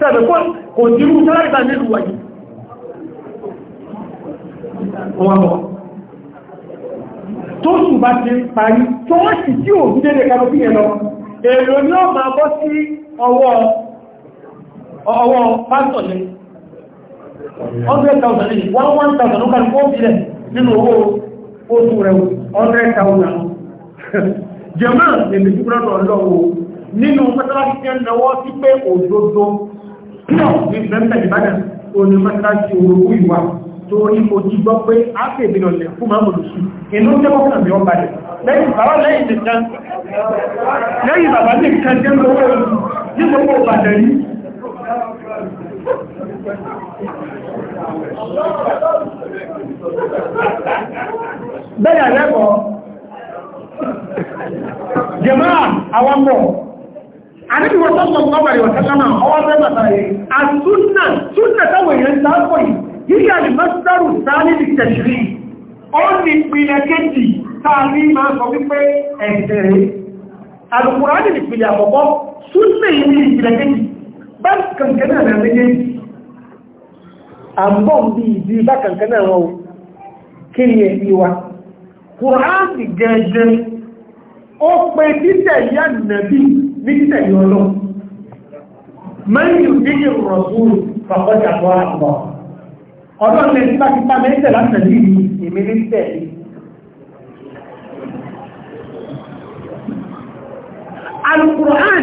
A: sẹ́bẹ̀ kò jírú sálárìta nílùú wáyé tó sùn bá ti parí tó wọ́n sì tí ò bí dédé kanú bí yẹn lọ èrò ní ọ máa bọ́ sí ọwọ́ ọwọ́ pásọ̀ ní 100,000 ní 1,000 lókàrí kó bílẹ̀ nínú owó oṣù rẹ̀ 100,000 jẹ́mọ́ èmì tí kúrọ́nà lọ́wọ́ nínú mẹ́tàlá kíọ̀ ní bẹ́ẹ̀mẹ́ ìbádàn òní mọ́sáàtì orogún ìwà torí mo ti gbọ́ pé a fè bí lọ lẹ̀ fún mọ́mọ̀lù sí inú tẹ́ mọ́ kàn bí wọ́n balẹ̀ lẹ́yìn bàbá lẹ́yìn nìkan
B: lẹ́yìn bàbá nìkan jẹ́ gbogbo ní gbogbo ìbàdàn yìí
A: bẹ́ẹ̀ àrẹ́kọ̀ọ́ jẹ́mọ́ àwọn mọ̀ àníbi wọ́n sọ́sọ́ ọgbà rẹ̀ wọ̀sẹ́lọ́mà ọwọ́ bẹ́ẹ̀ bàtà rẹ̀ àtúnà túnà táwọn èèyàn sáàpọ̀ yìí yíyà lè má sárù sáàlì lè tẹ̀sìrì ó ní ìpìlẹ̀ kéjì sáàlì máa sọ wípé ẹ̀ẹ̀rẹ̀ alùpùránì ìpìlẹ̀ àkọ́kọ́ súnà ìní ìpìlẹ̀ kéjì bá kankaná rẹ̀ méjì àbọ̀ bí ìdí bá kankaná wọn kí ni ẹ̀ ó pe títẹ̀lé ànàbí ní títẹ̀lé ọlọ́ mẹ́rin ní ìrọ̀sùn pàpọ̀jà bọ́ àpọ̀ ọ̀dọ́ ilẹ̀ tipátipá mẹ́tẹ̀ látẹ̀lé ìmí ní tẹ̀lé alukur'an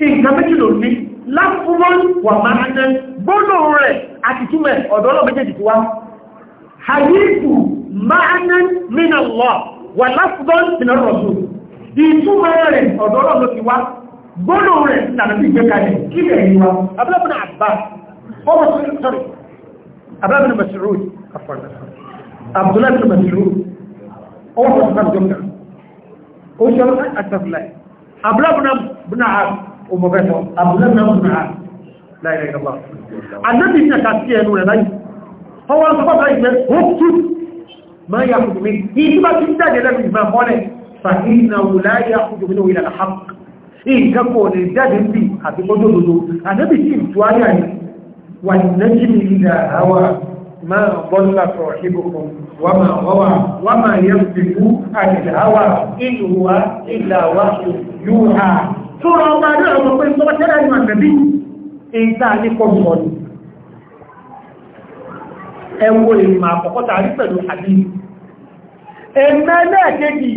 A: nǹkan méjì ló ní láfúnmọ́n wà máa ń gbọ́nà rẹ̀ àti túnmẹ̀ ọ̀dọ́ ọlọ́ méjèèjì tí wá ìtumọ̀ rẹ̀ ọ̀dọ̀ ọlọ́run ti wá gbọ́nà rẹ̀ nàbí ìgbé kalẹ̀ kí rẹ̀ yí wa abúlábùn àbá ọmọ sọ́rọ̀ abúlábùn masirud abúlábùn masirud ọwọ́ sọ́rọ̀ sọ́rọ̀ jọmọ́ ó ṣe àtàfilẹ̀ abúlábùn ọmọbẹ̀tọ̀ abúlábùn àbúlábùn àbúlábùn àbúlábùn فإنه لا يأخذ منه إلى الحق nǹkan kò lè jáde bí àti kójó dodo àdébì sí ìtú ayà ni wà nẹ́jìmì ìdá àwà máa bọ́lá sọ̀rọ̀ṣíbùkún wà máa wọ́wà wà máa yẹ fìkú àdìdà àwà ìlúwà ìlàwà yúhà tó rọ ọmọ adé ọmọ pé tó bá tẹ́lá ní àgbẹ̀bí ìta ní kọjọ ni ẹwọ ìmọ̀ àkọ́kọ́ tàbí pẹ̀lú àdí ẹ̀mẹ́lẹ́ẹ̀kejì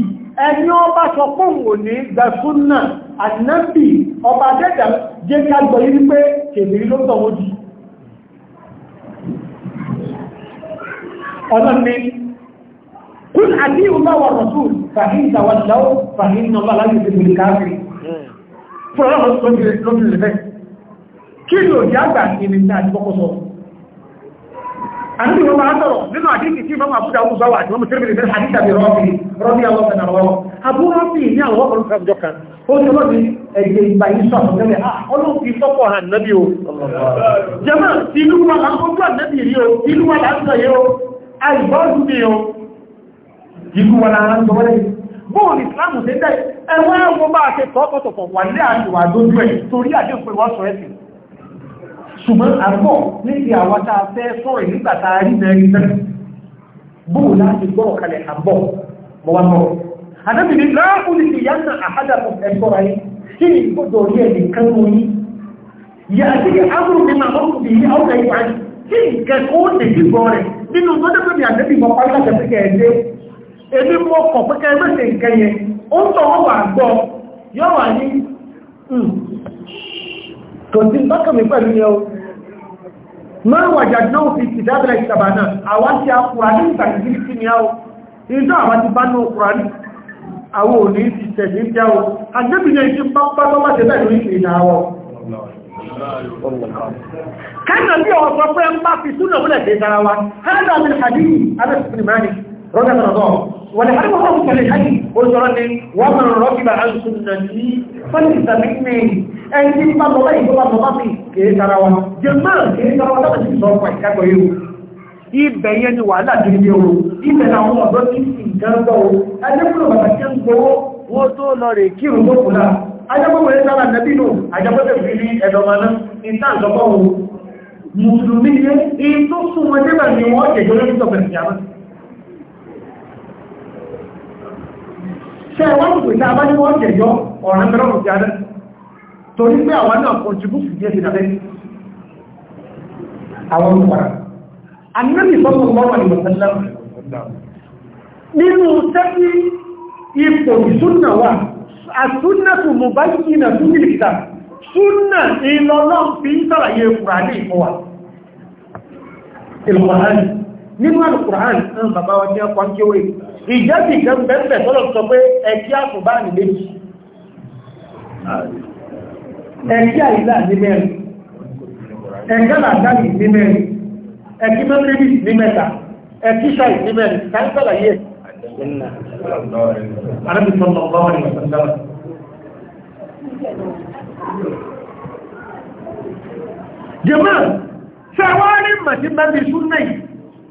A: ẹni ọba sọ fún òní gbẹ̀fúnnà ànábì ọba dẹ́dà jẹ́ ká gbọ́ yí wípé kèmìrí ló tọ̀ wó di ọ̀nà mi kún àti ìwọ̀n wà rọ̀tún fàhín ìtàwàdáwó fàhín nọba láti ìpínlẹ̀ káàkiri fún ọlọ́run lóbi lẹ́fẹ́ kí ni òjá gbà ìrìnà àti kọ́kọ́ sọ àti ìwọ̀n máa sọ̀rọ̀ nínú àdíkì tí ìfọ́n àbúdá ọmọ sọ́wọ́ àti wọ́n mùsùlùmí ní mẹ́rin àdíkà bí rọ́ọ̀fì rọ́ọ̀fì alọ́ọ̀fì náà rọ́ọ̀ àbúrọ́ọ̀fì ní àwọn ọkọ̀ olùfẹ́ ọjọ́ kan ó ti lọ́ọ̀fì ẹ̀jẹ̀ ìgbà yìí sọ̀rọ̀ tẹ́lẹ̀ ah, ọlọ́ọ̀fì sọ́kọ̀ hàn nábì o jẹ́mọ́ ìlú wa là ń kọjú ànábì rí o ìlú wa là ń sọ yìí o àìbọ́ọ̀dù mi o ìlú wa là ń sọ wọlé bóò ní ṣùgbọ́n àbọ̀ níbi àwọn tá a fẹ́ sọ̀rọ̀ nígbà tá a rí náà rí náà bóò láti gbọ́rọ̀ kalẹ̀ àbọ̀ mọ́ wá mọ́ àdábì ní láàpù ní ti yánà àhádà fún ẹ̀sọ́ ayé kí ni gbọ́dọ̀ rí ẹ̀dì kan mú yí yà sí àbúrò ní màmá kù bí ọ̀gá ìwà kí nǹkan ó lè fi gbọ́ rẹ̀ nínú tó dẹ́gbẹ́ ní tòtí hmm, bákàmì pẹ̀lú yẹn máa wàjà náà fi ìdábẹ̀lẹ̀ ìtàbà náà àwọn tí a kùrà ní ìgbàgbé sí ni áwọ̀ ìjọ àwọn ti bá náà kùrà ní àwọn òní ti tẹ̀lé jẹ́ o agbébìnrin ìṣẹ́ pápátọ́ má tẹ́lẹ̀ lórí ìrìnà àwọ̀ kẹ́nà bí ọ̀sọ̀ pé ń bá fi súnà múlẹ̀ رضي الله عنه ولحرم الله في الحي قلت ومن ركب عن سنتي فليس مني ẹni bá lọ́lá ìjọba lọ́lá sí kìí tara wa jẹ́máà kìí tara wa láti sọ ọ̀pọ̀ ìkẹ́kọ̀ọ́ yóò ibẹ̀ yẹn ni wàhálà gírígbé oòrùn ibẹ̀ làwọn ọ̀dọ́ tí ìjọba o ajẹ́kùnrin bàbá tí ń gbowó wọ́n tó lọ rè kírun tó kùlá ajẹ́kùnrin rẹ̀ sára nẹ́bí nù ajẹ́kùnrin fi tẹ́ ẹ wọ́n pèsè abá ní wọ́n jẹ̀yọ́ ọ̀ràn mẹ́rọ̀ kò sí adẹ́ torí pé àwọn náà kọjúbùsù díẹ̀ sí abẹ́ àwọn olùwàrà annabi sọ́kọ̀ mọ́wà ní mọ̀sánlá nínú sẹ́kí ipò ìsúnnà wà àsúnnà tó mọ̀ bá yìí nà tún nílì kìtà súnnà ìlọ́lọ́ fi ń sàlàyé kùránì ìfọwà ìlùkùránì nínú àlùkùránì ń bàbá wa ní ọkọ̀ ń kéwèé ìjẹ́sì kan bẹ́ẹ̀ sọ́lọ̀ sọ pé ẹkí àkùnbá ní méjì ẹkí àìlà ní mẹ́rin ẹkí àlàdáni ní mẹ́rin ẹkí mẹ́rin ní mẹ́ta ẹkí ṣàì ní mẹ́rin káńsọ́lá yẹ
B: jẹ́mọ́ sẹ́wọ́n rí
A: màtí mẹ́rin súnmẹ́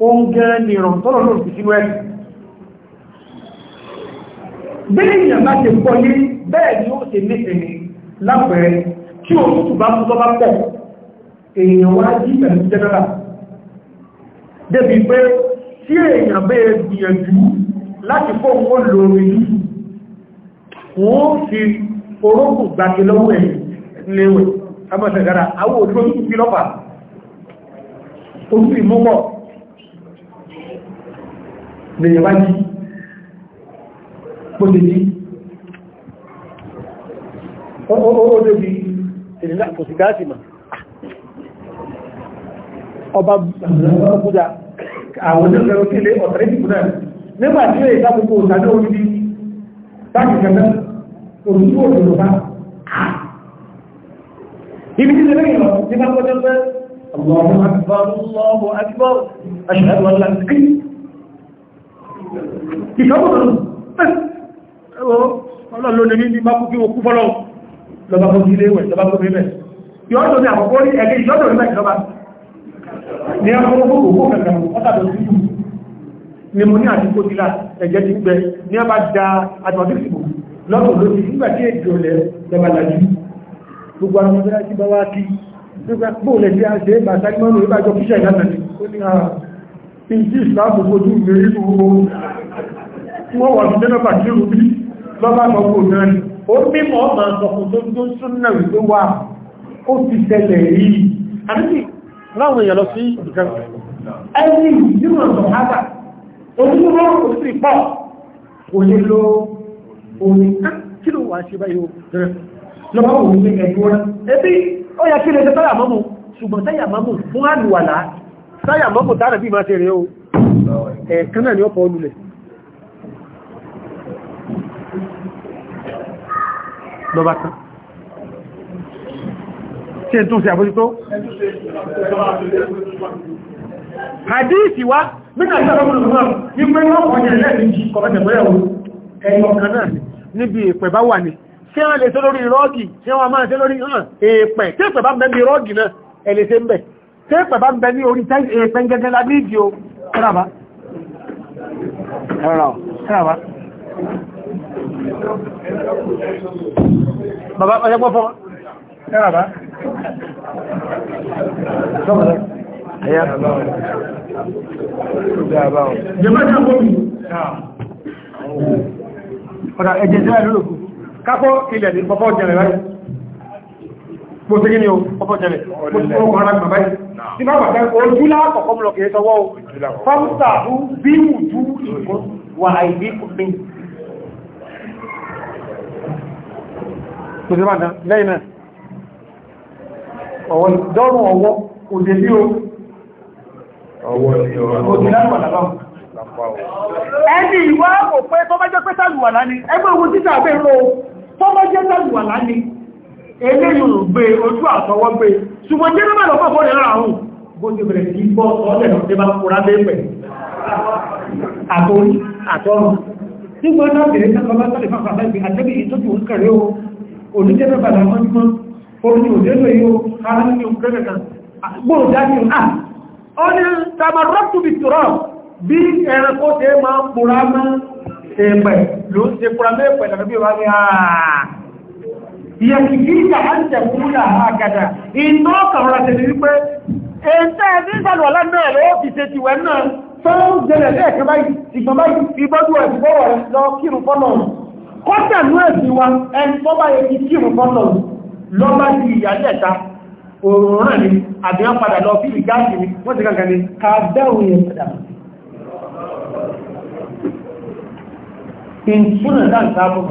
A: òun gẹ́rẹ́ ni ìrọ̀ntọ́rọ̀ lóòrùn sínú ẹ̀sìn béèyàn bá ti pọ̀ yé bẹ́ẹ̀ ni ó ṣe nífẹ̀ẹ́ lápẹẹrẹ tí òtútù bá mú lọ́bá pọ̀ èèyàn wá jí pẹ̀lú jẹ́nẹ́rà débi pé tí èèyàn bẹ́ẹ̀ gbìyànjú láti fóun ó lò orin wọ́n fi orókùn gbàgbé lọ́wọ́ ẹ̀ léwẹ̀ amọ́sẹ̀gára àwọn òṣìṣẹ́ òtútù fi lọ́pàá òtútù ìmúkọ̀ lèyàn bá jí bóde ní ó débi ìrìnlá kò sí gáàsì mà ọba gbúdá àwọn onígbẹ̀rẹ̀ òkèlé ọ̀tẹ̀rẹ́ ìgbúdá nígbà tí ó ìdábùkù òtàdé orí bí báàkì kẹta òrùsú òrùsú bá ibi tí lè yọ ní bá kọjọ pé Allahu akbar Allahu akbar ashhadu an la ilaha illa Allah ọlọ́lọ́lọ́ ní ní bá kú kí wọ́n kú fọ́lọ́ lọ́bá kó sí ilé ìwẹ̀ lọ́bá kó bẹ́ẹ̀ yọ́dọ̀ ní àkọ́kọ́ ní ẹgbẹ́ ìyọ́dọ̀ ní mẹ́jọ lọ́bá ní ọkọ̀ gbogbo kankan ọkàtọ̀ sí jù ni mo ní àdúgbò sílá ẹ̀jẹ̀ ti gbẹ ní ọba da àtọ̀dẹ́sìbò lọ́tọ̀ lóti nígbà tí èdè olè lọ́bá lajú gbogbo àwọn ọmọdé láti bá wá kí bóòlẹ̀ tí a ṣe é bàtà ìmọ̀nù ìbájọ́ kíṣẹ̀ ìlànà ni ó ní ara ìjí ìsìláàmù lọ́bá gbogbo náà ni ó mímọ̀ ọmọ ọ̀sọ̀kùn tó tó ń súnnà wípé wà ó ti tẹ́lẹ̀ rí àbíkì láwọn èèyàn lọ sí ìkan ẹni ìdíwọ̀n ọ̀sọ̀ hábà ojúmọ́ ó sì pọ̀ kò ní lo omi kí ló wà ṣe báyìí lọ́bá wò ní ẹ̀dùn ẹbí ó yẹ kí lè ṣe táyà mọ́mù ṣùgbọ́n táyà mọ́mù fún àlùwàlá táyà mọ́mù tààrà bí máa ṣe rẹ̀ o ẹ̀ẹ̀kan ni ọ̀pọ̀ olùlẹ̀
B: lọ́bá tán ṣe tún sí àbójútó hadisi wá nígbà tí àwọn olùgbọ́n ní pé wọ́n kọ̀ ní ẹlẹ́ẹ̀mí kọ̀mẹ́tẹ̀mọ́yàwó
A: ẹ̀yọ̀ kan náà níbi ìpẹ̀ bá wà ní tí wọ́n lè lórí rọ́ọ̀gì o ẹ̀rọ capo por bàbá ọjọ́ gbọ́ fọ́
B: kẹ́ràbá sọ́bọ̀lẹ́ ẹ̀yà
A: ọ̀dá ẹ̀jẹ̀ jẹ́ àlúrò kápọ́ ilẹ̀ ní pọ́pọ́ jẹ́rẹ̀ rẹ̀ mo ti gíní o pọ́pọ́ jẹ́rẹ̀ ọkùnrin rẹ̀ bàbá yìí tí bá bàbá ojú láàpọ̀pọ̀ mọ́lọ̀kì ẹ̀ sọwọ́ tòsíwájá lẹ́yìn náà ọ̀wọ́ dọ́rùn ọwọ́ òdè bí o ọwọ́ ni ọwọ́ ẹni ìwọ́ kò pé tó bá jẹ́ pé tàlùwàlá ni ẹgbẹ́ ogun títà bẹ́ lọ tó bá jẹ́ tàlùwàlá ni ilé yòrò gbé ojú àtọwọ́ gbé ṣùgbọ́n jẹ́ mẹ́lọ pọ̀pọ̀ rẹ̀ ráhùn gbóndé bẹ̀rẹ̀ sí bọ́ ọlẹ̀ lọ́dẹ́ bá kúrá bẹ́ pẹ̀ àtọ́rùn àtọ́rùn oníjẹ́ mẹ́fà làwọn mọ́ omi òdélò yóò ara ní ohun kẹ́kẹ́kẹ́ gbóòrò dájú à ó ní tamarọ́pù bí tùrọ̀ bí ẹranko tẹ́ ma ń pòrá mọ́ ẹ̀mẹ̀ ló ń ṣe pòrá mẹ́pẹ̀ lọ́gbẹ́ bí wá ní àà ìyẹ̀kìkì ìjà á ń jẹ̀ fún àgàdà iná kàrọ̀rọ̀ tẹ̀lé wípé ẹ̀ẹ́tẹ́ ẹ̀dí ìsàlùwàlá náà ló fi ṣe ti wẹ̀ náà tó ń jẹ́lẹ̀ lẹ́ẹ̀kẹ́ báyìí ìgbọ̀n báyìí ìbọ́dù ẹ̀ kọ́tà ní ẹ̀sìn wa ẹni tó bá yẹ kí kí ìrùn fọ́tọ̀ lọ bá di ìyálẹ̀ta òòrùn rẹ̀ ni àbíyàn padà lọ bí ìgáàsì ni wọ́n ti kankan ni ká dáhùn yẹn padà
B: ìtúnà dáńtàbọ̀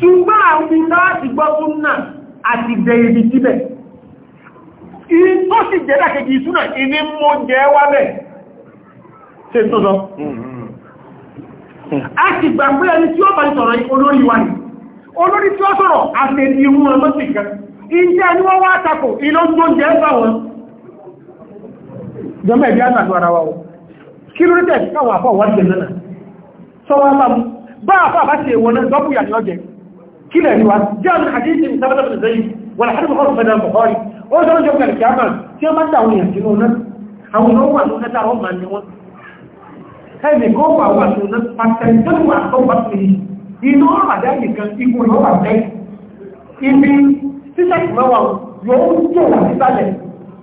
A: ṣùgbọ́n àwọn iná ìgbọ́ súnà àti bẹ̀rẹ̀ ibi síbẹ̀ ìtọ́ sì jẹ́ dákejì ìtúnà ìní mọ́ jẹ́ wábẹ̀ ṣe tó a ti gbàgbé ẹni tí ó bá ní sọ̀rọ̀ olórí wa ni olórí tí ó sọ̀rọ̀ àtẹ̀lì irú ọmọ sí kan ìjẹ́ ni wọ́n wá takò ìlọ́gbọ́n jẹ́ bá wọn jọmọ́ ẹ̀bí àtàkù ara wa o kí ló rítẹ̀ káwọn àpọ̀ wá jẹ náà sọ́wọ́ aláàmù bá àpọ̀ àbá ti èwọ̀n náà gbọ́bù yà ní ọjẹ́ kí lẹ̀ ní wa jẹ́ àmì àdíjì ìsábẹ́lẹ́bẹ̀lẹ́ zẹ́yìn wọ́n àdíjì kọ́ fẹ́dà bọ̀họ́rì ó sọ́rọ̀ jọ́ ẹnì kan wà wà tó náà pàtẹ́ntẹ́lù wà tó bá fi iná àdá nìkan ikú ló wà bẹ́ ibi títà ìgbà wà yóò tó wà nísàlẹ̀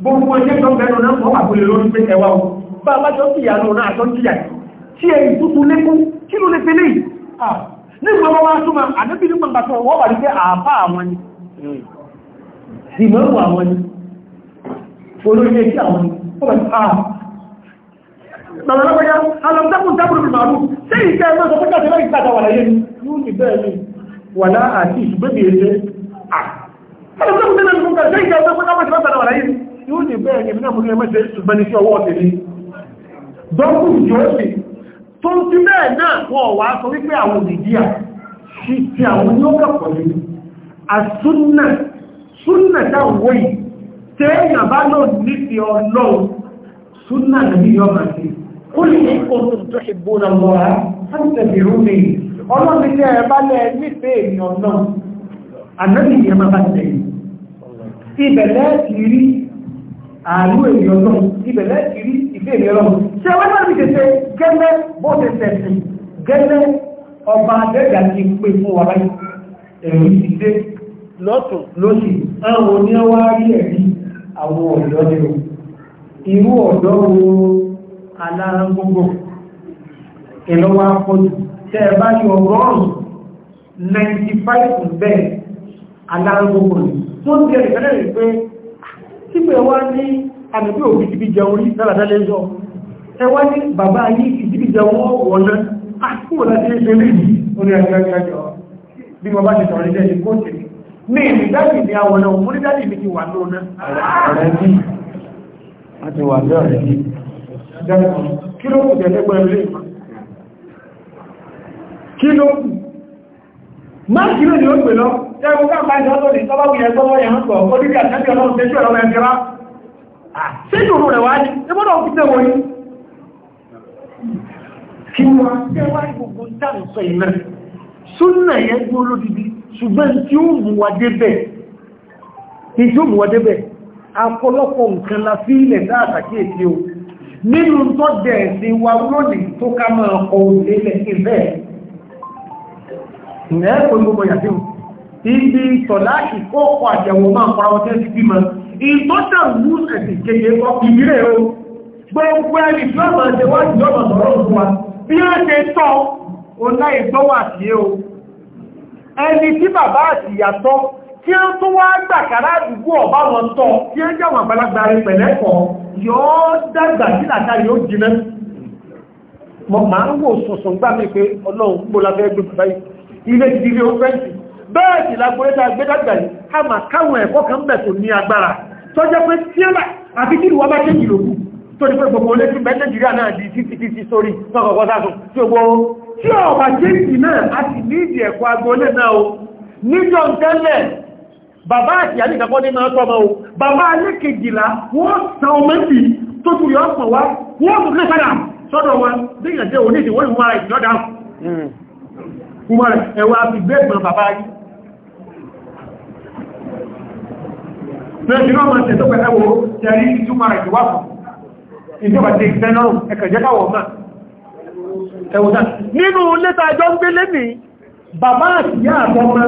A: gbogbo ẹjẹ́ tó bẹnu náà mọ́ wà gbélé lórí pé ẹwà o bá a bá jọ sí ìyàlò náà tó jìyà tí ẹ ìtútù lékún kí ló lè fẹ́lẹ̀ yìí nígbà wọn wá súnmọ́ àdébí nípa gbàtọ̀ wọ́n bàbá lọ́pẹ́yà alọ́pẹ́kùn tábùrù bí màálù sí ìkẹ́ ẹgbẹ́ sọ pẹ́kà sí láìsí àtàwà láyé ní yóò ní bẹ́ẹ̀ ni wà láàáti ìṣùgbẹ́bì ẹ̀ṣẹ́ alọ́pẹ́kùn tẹ́lẹ̀ ní kúkà sí ìkẹ́ ẹgbẹ́ sọ pẹ́kà sí láìsí àtàwà láyé ní yóò ní bẹ́ẹ̀ ni mínà mú ní ẹmẹ́ṣẹ́ ṣùgbẹ́ ní sí ọwọ́ ọ̀tẹ̀lẹ̀ dọ́kù jọ́sì tó ti bẹ́ẹ̀ náà wọ́n wá sọ wípé àwọn òdìdíà sí ti àwọn ní ó kàpọ̀ ní àsúnnà súnnà táwọn wọ́yì tẹ́ẹ̀yàn bá lọ ní ti ọlọ́run súnnà nàbí yọ́ màá sí قل إن كنتم تحبون الله فاتبعوني ọlọ́run ní ẹ bá lẹ nífẹ̀ẹ́ èèyàn náà ànábì ní ẹmọ bá tẹ̀lé ìbẹ̀lẹ̀ ti rí àánú èèyàn náà ìbẹ̀lẹ̀ ti rí ìfẹ́ èèyàn náà ṣe wọ́n náà fi tẹ̀sẹ̀ gẹ́lẹ́ bó ti gẹ́lẹ́ ọba adẹ́gà ti pè fún wa báyìí ẹ̀rí ti alára gbogbo ìlọ́wọ́ akọ́jú tẹ́ ẹ bá yọ rọrùn 95 bẹ́ẹ̀ alára gbogbo ní tó ń tẹ́rì fẹ́lẹ̀ rí pé sípẹ̀ wá ní àmìbí òbí ti bí jẹun rí sálàdálẹ́ sọ ẹ wá ní bàbá yí ìdíbí jẹun wọ̀nà àkúrò láti ṣe rí ní orí ẹgbẹ́gbẹ́jọ bí mo bá ti sọ̀rọ̀ ilé ẹ̀kọ́ tèmi ní ìdájì ní àwọn ọmọ onídájì mi ti wà lónà. ọ̀rẹ́ bí
B: wọ́n ti wà bí ọ̀rẹ́ bí
A: dákùn kí ló kù tẹ́lẹ́gbẹ́ ilé ìmọ̀ kí ló kù máa kí ló ní ó pè lọ tẹ́gbùn káàkiri ìjọ́tọ̀ ní tọ́bá wùyẹ tọ́wọ́ yẹn ń pọ̀ ó dídí àtẹ́bí ọlọ́run tẹ́jú ẹ̀rọ ẹ̀kẹ́rá síjú rẹ̀ wá ní ẹgbọ́dọ̀ fi tẹ́ wọ́n kí wọ́n tẹ́wàá gbogbo dáǹsọ ìmẹ́ súnà yẹn gbó lódìdí ṣùgbọ́n tí nínú tó dẹ̀ sí wa lónìí tó ká máa kọ òlélẹ̀ ìfẹ́ ìrẹ́ olùgbogbo yàtí ibi tọ̀lá ìkọ́kọ̀ àjẹ̀wò máa ń pàrọ̀ tẹ́ sí bímọ ìtọ́tà mú ẹ̀sì kéye kọ́ ìbílẹ̀ o gbogbo ẹni tí wọ́n máa ṣe wá jù lọ́mọ̀ sọ̀rọ̀ òun wa bí ó ṣe tọ́ ọ̀nà ìgbọ́wà sí o ẹni tí bàbá àti tí ó tó wá gbàkàrá àdúgbò ọ̀bá wọn tọ́ tí ó jẹ́wọ̀n àgbàlagbà rẹ̀ pẹ̀lẹ́kọ̀ yóò dàgbà sí làtà yóò jìnà mọ̀ máa ń wò sọ̀sọ̀ gbá mi pé ọlọ́run gbóla fẹ́ gbé bàbá ilé ti rí ọ́fẹ́ǹsì bẹ́ẹ̀ sì lágbólétà gbẹ́dàgbà yìí a máa káwọn ẹ̀kọ́ kan bẹ̀ tó ní agbára tó jẹ́ pé tí ó àti kí ìwọ́n bá jẹ́ ìlòkù tó ní pé ìsìn náà a sì ní ìdí ẹ̀kọ́ agbólé náà o níjọ́ tẹ́lẹ̀ bàbá àti àní ìkàkọ́ ní máa tọ́mọ o bàbá alẹ́ kejìlá wọ́n san ọmọ ń bì tó tún yọ ọ̀pọ̀ wá wọ́n mú kẹ́ padà sọ́dọ̀ wọn bí ìyànjẹ́ òní ìdíwọ́ ìwọ́n ara ìjọ́dá kúmọ̀ rẹ̀ ẹ̀wọ́ àti gbẹ́gbọ̀n bàbá yìí Ìjọba máa tẹ̀tọ́ pẹ̀lú ẹwọ́ tẹ̀rí ìtumà ìjọba fún. Ìjọba ti ìfẹ́ náà ẹkẹ̀jẹ́ káwọ̀ máa. Ẹwọ́ta. Nínú lẹ́ta ẹjọ́ ń gbé lé ní, bàbá àti ìyá àtọ́mọ́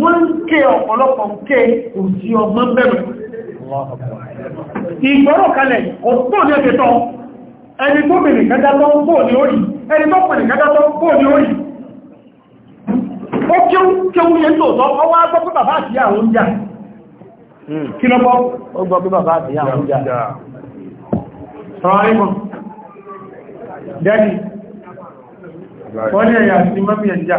A: wọ́n ń ké ọ̀pọ̀lọpọ̀ ń ké kò sí ọgbọ́n bẹ̀rẹ̀ ìgbọ́rọ̀ kalẹ̀ ọ̀pọ̀ ní ẹgbẹ̀ tọ́ ẹni tó bèèrè kẹjátọ́ bóò ní orí ẹni tó pẹ̀lẹ̀ kẹjátọ́ bóò ní orí ó kéwú yẹn tó tọ́ ọwọ́ agbọ́ pé bàbá àti àwọn oúnjẹ
B: hmm. kí lọ́gbọ́
A: ó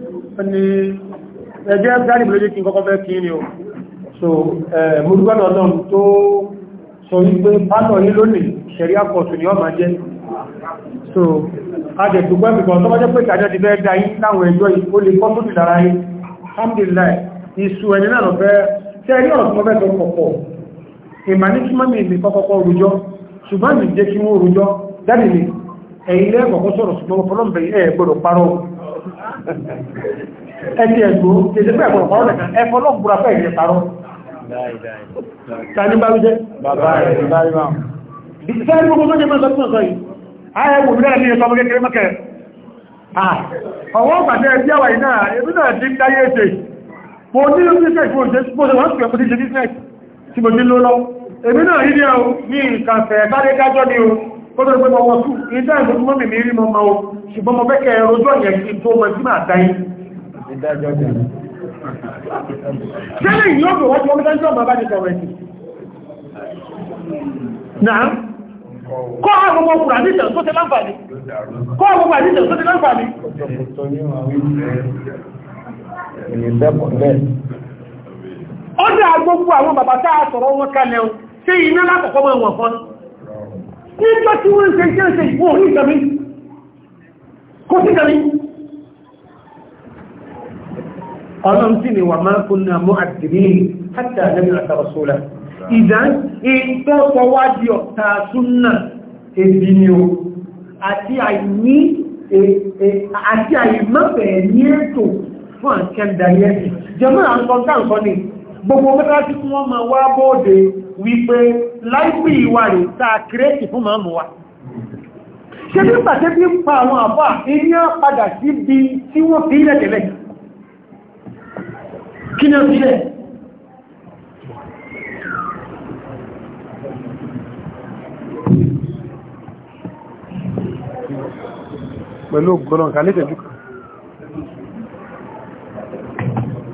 A: ni ẹjẹ́ gáàrìbì lójé kí n kọ́kọ́ fẹ́ kí ní o so múrúgbọ́nà ọlọ́run tó sọ wípé pálọ̀ yí lónìí ṣẹ̀rí àkọ̀ọ̀tù ni ọ máa jẹ́ so adẹ̀dùgbẹ́ bìkan tó bá jẹ́ pé ìtàjọ́ ti fẹ́ dá yí láwọn ẹjọ́ ó lè kọ́ tó ti dára yí alhamdulillah isu ẹni náà lọ fẹ́ tẹ́ ẹni ọ̀rọ̀ tí wọ́n fẹ́ tó kọ̀kọ̀ ìmà ní kí mọ́mí ìlú kọ́kọ́kọ́ rújọ́ ṣùgbọ́n mi jẹ́ kí wọ́n rújọ́ dáadìí ẹ̀yìn lẹ́ẹ̀kọ̀kọ́ sọ̀rọ̀ ṣùgbọ́n fọlọ́m̀bẹ̀ ẹ̀ gbọ́dọ̀ parọ́
B: ẹtì ẹ̀gbọ́ kèsì pé ẹ̀gbọ́n ọ̀rọ̀ nìkan ẹ̀fọ́ náà búra pé ẹ̀yẹ parọ́ tani bá wíjẹ́ bàbá rẹ̀ bàbá rẹ̀ bá
A: sẹ́yìn gbogbo tó jẹ́ mọ́ sọ́tún sọ yìí ayé wò bí dára ní ẹ̀sọ́ ọmọ kékeré mọ́kẹ́ ọwọ́ pàtẹ́ ẹbí àwà iná ẹbí náà ti ń dáyé ètè mo ní ló bíṣẹ́ ìfún òṣèṣ mo sọ wọ́n pẹ̀ mo ti ṣe bíṣẹ́ tí kọ́dọ̀ pé mọ́ wọ́n tún ìdá ìlú mọ́mì ní rí mọ́ ma o ṣùgbọ́n mọ́ bẹ́kẹ̀ ẹ̀rọjú ọ̀yẹ̀ kí tó mọ́ sí máa dáyé
B: ṣẹlẹ̀ ìyọ́bù
A: wọ́n tí wọ́n mẹ́ta ń jọ́ bàbá ní sọ̀rọ̀ ẹ̀sìn
B: náà kọ́ àwọn
A: ọmọ ọkùnrin àdìsẹ̀ tó ti láǹfààní
B: kọ́ àwọn ọmọ àdìsẹ̀ tó ti láǹfààní
A: ó dá gbogbo àwọn bàbá tá a sọ̀rọ̀ wọn kalẹ̀ o ṣé iná lákọ̀ọ́kọ́ mọ́ wọn fọ́nà nígbà tí wọ́n ń ṣe iṣẹ́ ṣe ìwọ̀n ní ìgbàmí kó sí ìgbàmí ọlọ́run sí ni wà máa kún ní àmú àtìrí hátà lẹ́nu àtàrọ̀sọ́lá ìdán ìtọ́pọ̀ wájí ọ̀ta súnnà èdè àti àìní e, e, ní ètò fún àkẹ́ndà yẹ́ gbogbo mẹ́tàlásí tí wọ́n ma wá bóòdè wípé láìpẹ́ ìwà rẹ̀ tàà kírẹ́tì fún ma mú wa ṣe tí pàtẹ́ bí ń pa àwọn àbá iní padà sí bí tí wọ́n fi ilẹ̀ tẹ̀lẹ̀ kí ni ó fi ilẹ̀ pẹ̀lú gbọ́nà kàlẹ́tẹ̀jú kan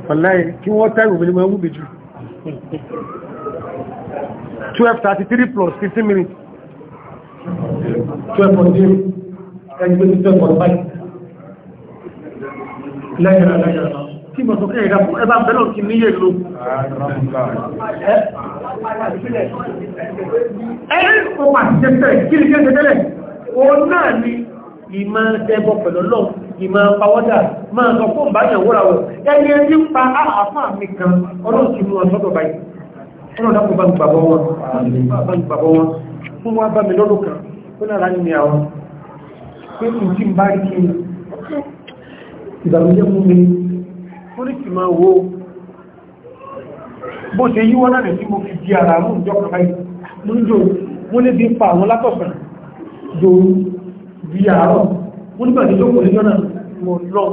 A: wàláyé kí wọ́n tẹ́rù mi ní mọ́ ẹwú mi jù 12:33 plus 15 minutes 12.3 ẹgbẹ́ 12.5 lẹ́yìn lẹ́yìn kí mọ̀ sókè ẹ̀dá fún ẹbá bẹ́lọ̀ kí níyè ló ẹ̀rẹ́ ọpàá ti jẹ́ tẹ́lẹ̀ kí ní jẹ́ tẹ́lẹ̀ òun náà ni ìmọ̀ ẹbọ pẹ̀lọ́lọ́pù ìmọ̀ pàwọ́dà máa sọ fún báyàn wúra wọ̀ ẹni ẹni pa àfá mi kan ọlọ́run ti mú ọ̀sọ́dọ̀ báyìí ọlọ́run dákùn bá ń gbàbọ́ wọn bá ń gbàbọ́ wọn fún wá bá mi lọ́dún kan ó lára ní àwọn pé kù tí ń bá rí kí ìbàmílẹ̀ mú mi fún ní ti máa wo bó ṣe yí wọ́n náà tí mo fi di ara mú ìjọ kan báyìí mo ń jò bí àárọ̀ wọ́n nígbà tí ó kò níjọ́ náà mọ̀ lọ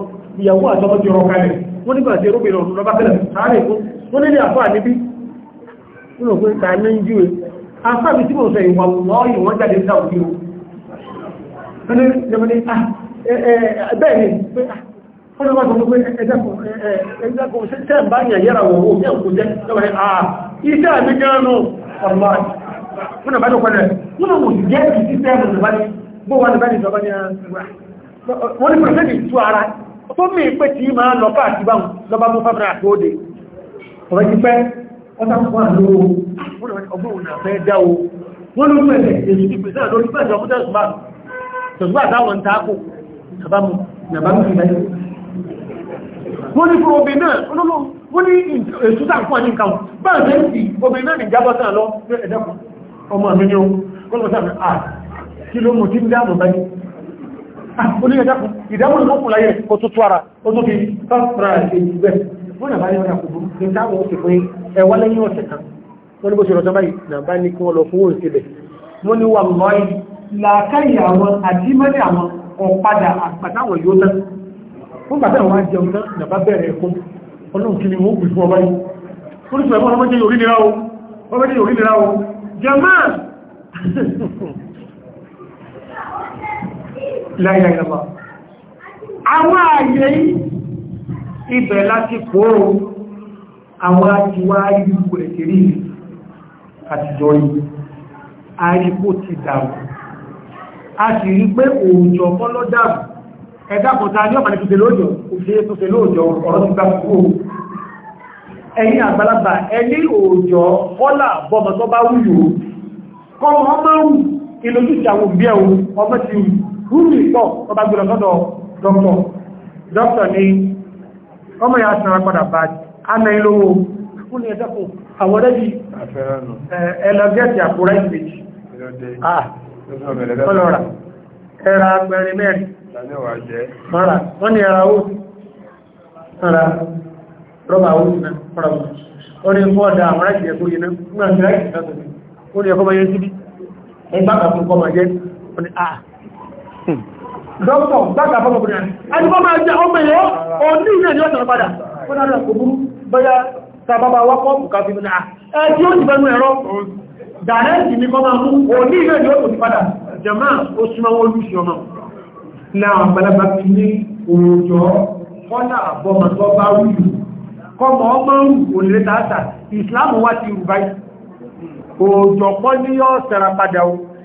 A: ìyàwó àtọ́mọ́ ti rọ̀ka rẹ̀ wọ́n nígbà tí róbìnrin ọ̀run lọ́bá tẹ́lẹ̀ sáré fún wọ́n nílé àfáà níbi nínú pé ta ní ń jú e afáàbí tí mo sọ ìwà lọ́yìn wọ́n jáde dá òkè o bẹ́ẹ̀ni wọ́n lọ́wọ́ ah, ah, sọ pé ẹgbẹ́kùn tẹ́ bá yà yára wọ̀wọ́ ní ẹ̀kùn jẹ́ lọ́wọ́ àà iṣẹ́ àmì gánú ọ̀rọ̀ wọ́n nà bá tó pẹ́lẹ̀ wọ́n lọ́wọ́ jẹ́ ìsísẹ́ ẹ̀mù nìbá ní gbọ́wọ́ nìbá ní ìjọba ní ẹgbẹ́ ah, wọ́n ní pẹ̀lẹ́bì tú ara tó mí pé tí máa lọ káàkiri báhùn lọ́bá mú fábíra àgbóòdè ọ̀rẹ́ ti pẹ́ ọ́ta fún àlóò ọgbọ́n náà fẹ́ dá o wọ́n ló pẹ̀lẹ̀ èsì ti pèsè àlórí pẹ̀lú ọkútẹ́ ìsùnmá tẹ̀sùgbà táwọn tààkù wọ́n ní fún obìnrin náà wọ́n ní èsù tààkùn àní nǹkan báyìí sẹ́yìn obìnrin náà ní ìjábọ́ sáà lọ ẹ̀dẹ́kùn ọmọ àmì ní ohun kọ́lọ̀ sáà kí ló mú tí ń dáàmù báyìí Ah, oníyẹ̀dẹ́kùn ìdáwọn ìlọ́kùn láyé o tó tó ara o tó fi tọ́pùra ìgbẹ́ wọ́n àbáyé ọ̀nà kò burú ní táwọn ó ti pín ẹwà lẹ́yìn ọ̀sẹ̀ kan wọ́n ní bó ṣe rọ̀ tọ́bá yìí nà bá ní kí wọ́n lọ fún òun sílẹ̀ wọ́n ní wà lọ́yì làákàyè àwọn àti mẹ́lẹ̀ àwọn ọ̀padà àpàtàwọn yóò tán wọ́n gbàtà àwọn ajẹun tán nà bá bẹ̀rẹ̀ ẹ̀kún ọlọ́run kí ni wọ́n pè fún ọba yìí wọ́n ní sọ ẹ̀mọ́ ọlọ́mọdé yòrí nira o ọlọ́mọdé yòrí nira o jẹ́máà
B: láìláìlọ́pàá
A: àwọn ààyè ibẹ̀ láti kó àwọn àjíwá ìlú ẹ̀kẹ́rí àtijọ́ yìí àríkò ti dàrú a sì rí pé òòjọ́ kọ́lọ́ dàrú ẹ̀dá kọta ní ọ̀pàá tó tẹ̀lóòjọ́ òṣèré tó tẹ̀lóòjọ́ ọ̀rọ̀ ti gbá kúrò ẹ̀yìn àgbàlagbà ẹni òòjọ́ kọ́là bọ́mọ tó bá ọmọ ti rù gúrù ìtọ́ ọba gbìlọ̀sọ́dọ̀ dọ́kọ̀ dọ́kọ̀ ni ọmọ ya sanra padà bá ana ilówó fún ah, ní ẹ̀dẹ́kùn àwọ̀dẹ́jì
B: ẹlọgẹ́sì àkúrá
A: ìpèjì ọlọ́ra ẹra agbẹ̀rin mẹ́rin mọ́ra wọ́n ni ẹra ó mọ́ra rọ́bà ó ní mọ́ra ó ní fọ́ọ̀dá àwọn ẹ̀jẹ̀ kó yẹn náà ó ní ẹ̀kọ́ ah, dọ́kítọ̀ gbága fọ́gbọ̀gbọ̀n ẹnìkọ́ máa jẹ́ ọmọ èyẹ òní ilẹ̀ ni ó tọ̀rọ padà wọ́n náà kò burú bọ́yá sábàbà wọ́pọ̀ kùkà fi náà ah, ẹjí ó ti bẹnu ẹ̀rọ dàrẹ́ẹ̀tì ní kọ́ máa mú òní ilẹ̀ ni ó tọ̀rọ padà jẹ̀má ó súnmọ́ wọn lúṣì ọmọ náà àgbàlagbà fi ní òòjọ́ kọ́lá àbọ̀mọ̀ tó bá rú kọmọ ọmọ òlè tààtà ìsìláàmù wá ti rù báyìí òòjọ́ pọ́ ní yọ́ sẹ̀ra padà o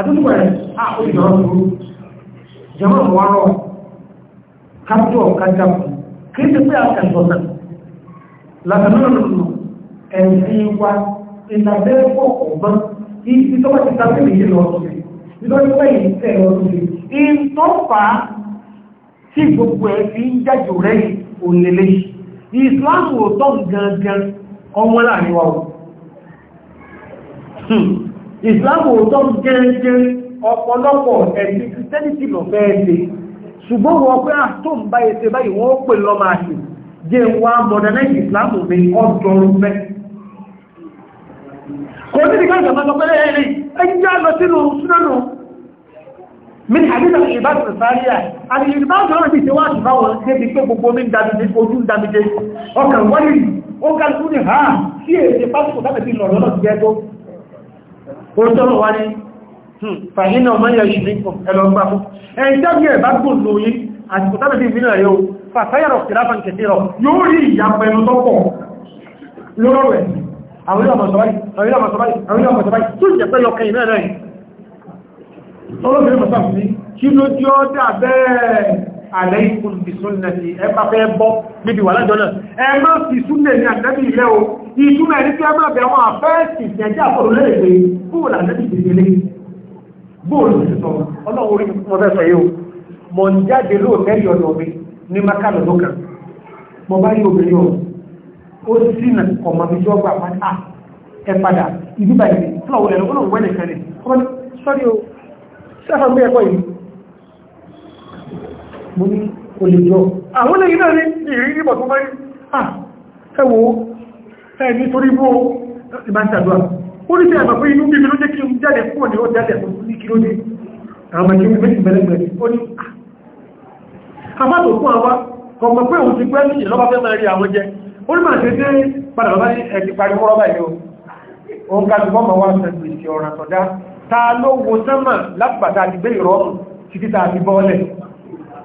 A: àdúgbò rẹ̀ àkójọ́ ọdún jẹmọ́ wárọ̀ kájọ́ kájàmù kìí ti pé àkàtọ̀nà látàlọ́nà ẹ̀sí wa ìlàbẹ́pọ̀ ọ̀gbọ́n ibi tó bá ti tàbí ìyí lọ sí nítorí pé ìtẹ́ lọ sí in tó fà á tí gbogbo ẹ̀ fi ń jájò rẹ̀ òlélẹ́ ìsìláàmù ò tọ́ gangan ọmọ láàrin wa o hmm ìsìláàmù tó ń gẹ́gẹ́ ọ̀pọ̀lọpọ̀ ẹ̀sìn kìtẹ́lìtì lọ fẹ́ ẹ̀sẹ̀ ṣùgbọ́n wọ́n pé àtò ń bá ẹ̀sẹ̀ báyìí wọ́n pè lọ máa ṣe jẹ́ wá modernize ìsìláàmù mi ọdọọrùn mẹ́ kò ní ìgbà ìjọba lọ pẹ́lẹ́ ẹ̀rí ẹjá lọ sínú súnánù mi ní àbíjà ìbáṣẹ̀ sáríà àti ìbáṣẹ̀ ọ̀rọ̀ ti ṣe wá àtìfá wọn débi pé gbogbo mi ń damide ojú ń damide ọkàn wáyé ó kálukú ní ha sí èdè pásítọ̀ tábẹ̀ ti lọ̀rọ̀ lọ́dọ̀ jẹ́ tó òótọ́rọ̀ wá ní hmm, fàhínà ọmọ yẹ ṣìlẹ́kùn ẹlọ́gbà fún ẹ̀yìn tẹ́bí ẹ̀ bá gùn lóyí àti kò tábẹ̀ bí ìbínà rẹ̀ o fàfẹ́yàrọ̀ kìláfàn kẹtẹ́rọ̀ yóò rí ìyàpẹ̀ ẹnu tọ́pọ̀ lórọ̀ rẹ̀ àwọn ilé ọmọ sọ́báyì àwọn ilé aláìkùn bí súnnà sí ẹgbà fẹ́ bọ́ níbi wà lájọ́ náà ẹ má fi súnnà ní ànábì ilẹ̀ o ìtumẹ̀ ní kí ẹ máa bẹ̀ wọn àfẹ́ẹ̀sì ìjẹ́jẹ́ àpọ̀lù lẹ́ẹ̀gbẹ̀ bóòlù ànábì ìdílé bóòlù sọ ọlọ́run orí mo o mo ń jáde lóòtẹ́ yọ̀nà mi ní mákàlù lókàn mo bá rí obìnrin ọ̀rọ̀ ó sì nà ọmọ mi tí wọ́n gbà pátá ẹ padà ìdíbàyìí mo ní kò lè jọ àwọn lè náà ní ìrírí bọ̀ tó bá rí ẹwọ ẹni torí bó ìbáṣàdúwà ó ní sí àmàkó inú bíbi ló jẹ́ kí n jáde fún ọ̀nà ó jáde fún ní kí ló dé àwọn ẹni méjì mẹ́lẹ́gbẹ̀rẹ̀ ó ní àbátò fún àwa kọmọ pé òun ti pẹ́ ní ìlọ́bà fẹ́ máa rí àwọn jẹ ó ní máa ṣe dé padà bàbá ní ẹ̀kì parí mọ́rọ́ báyìí ó ń ká gbọ́mọ̀ wá sẹ́gbẹ̀ẹ́ ọ̀ràn tọ̀dá ta ló wo sánmà lápàtà àti gbé ìrọ̀rùn títí ta àti bọ́ọ̀lẹ̀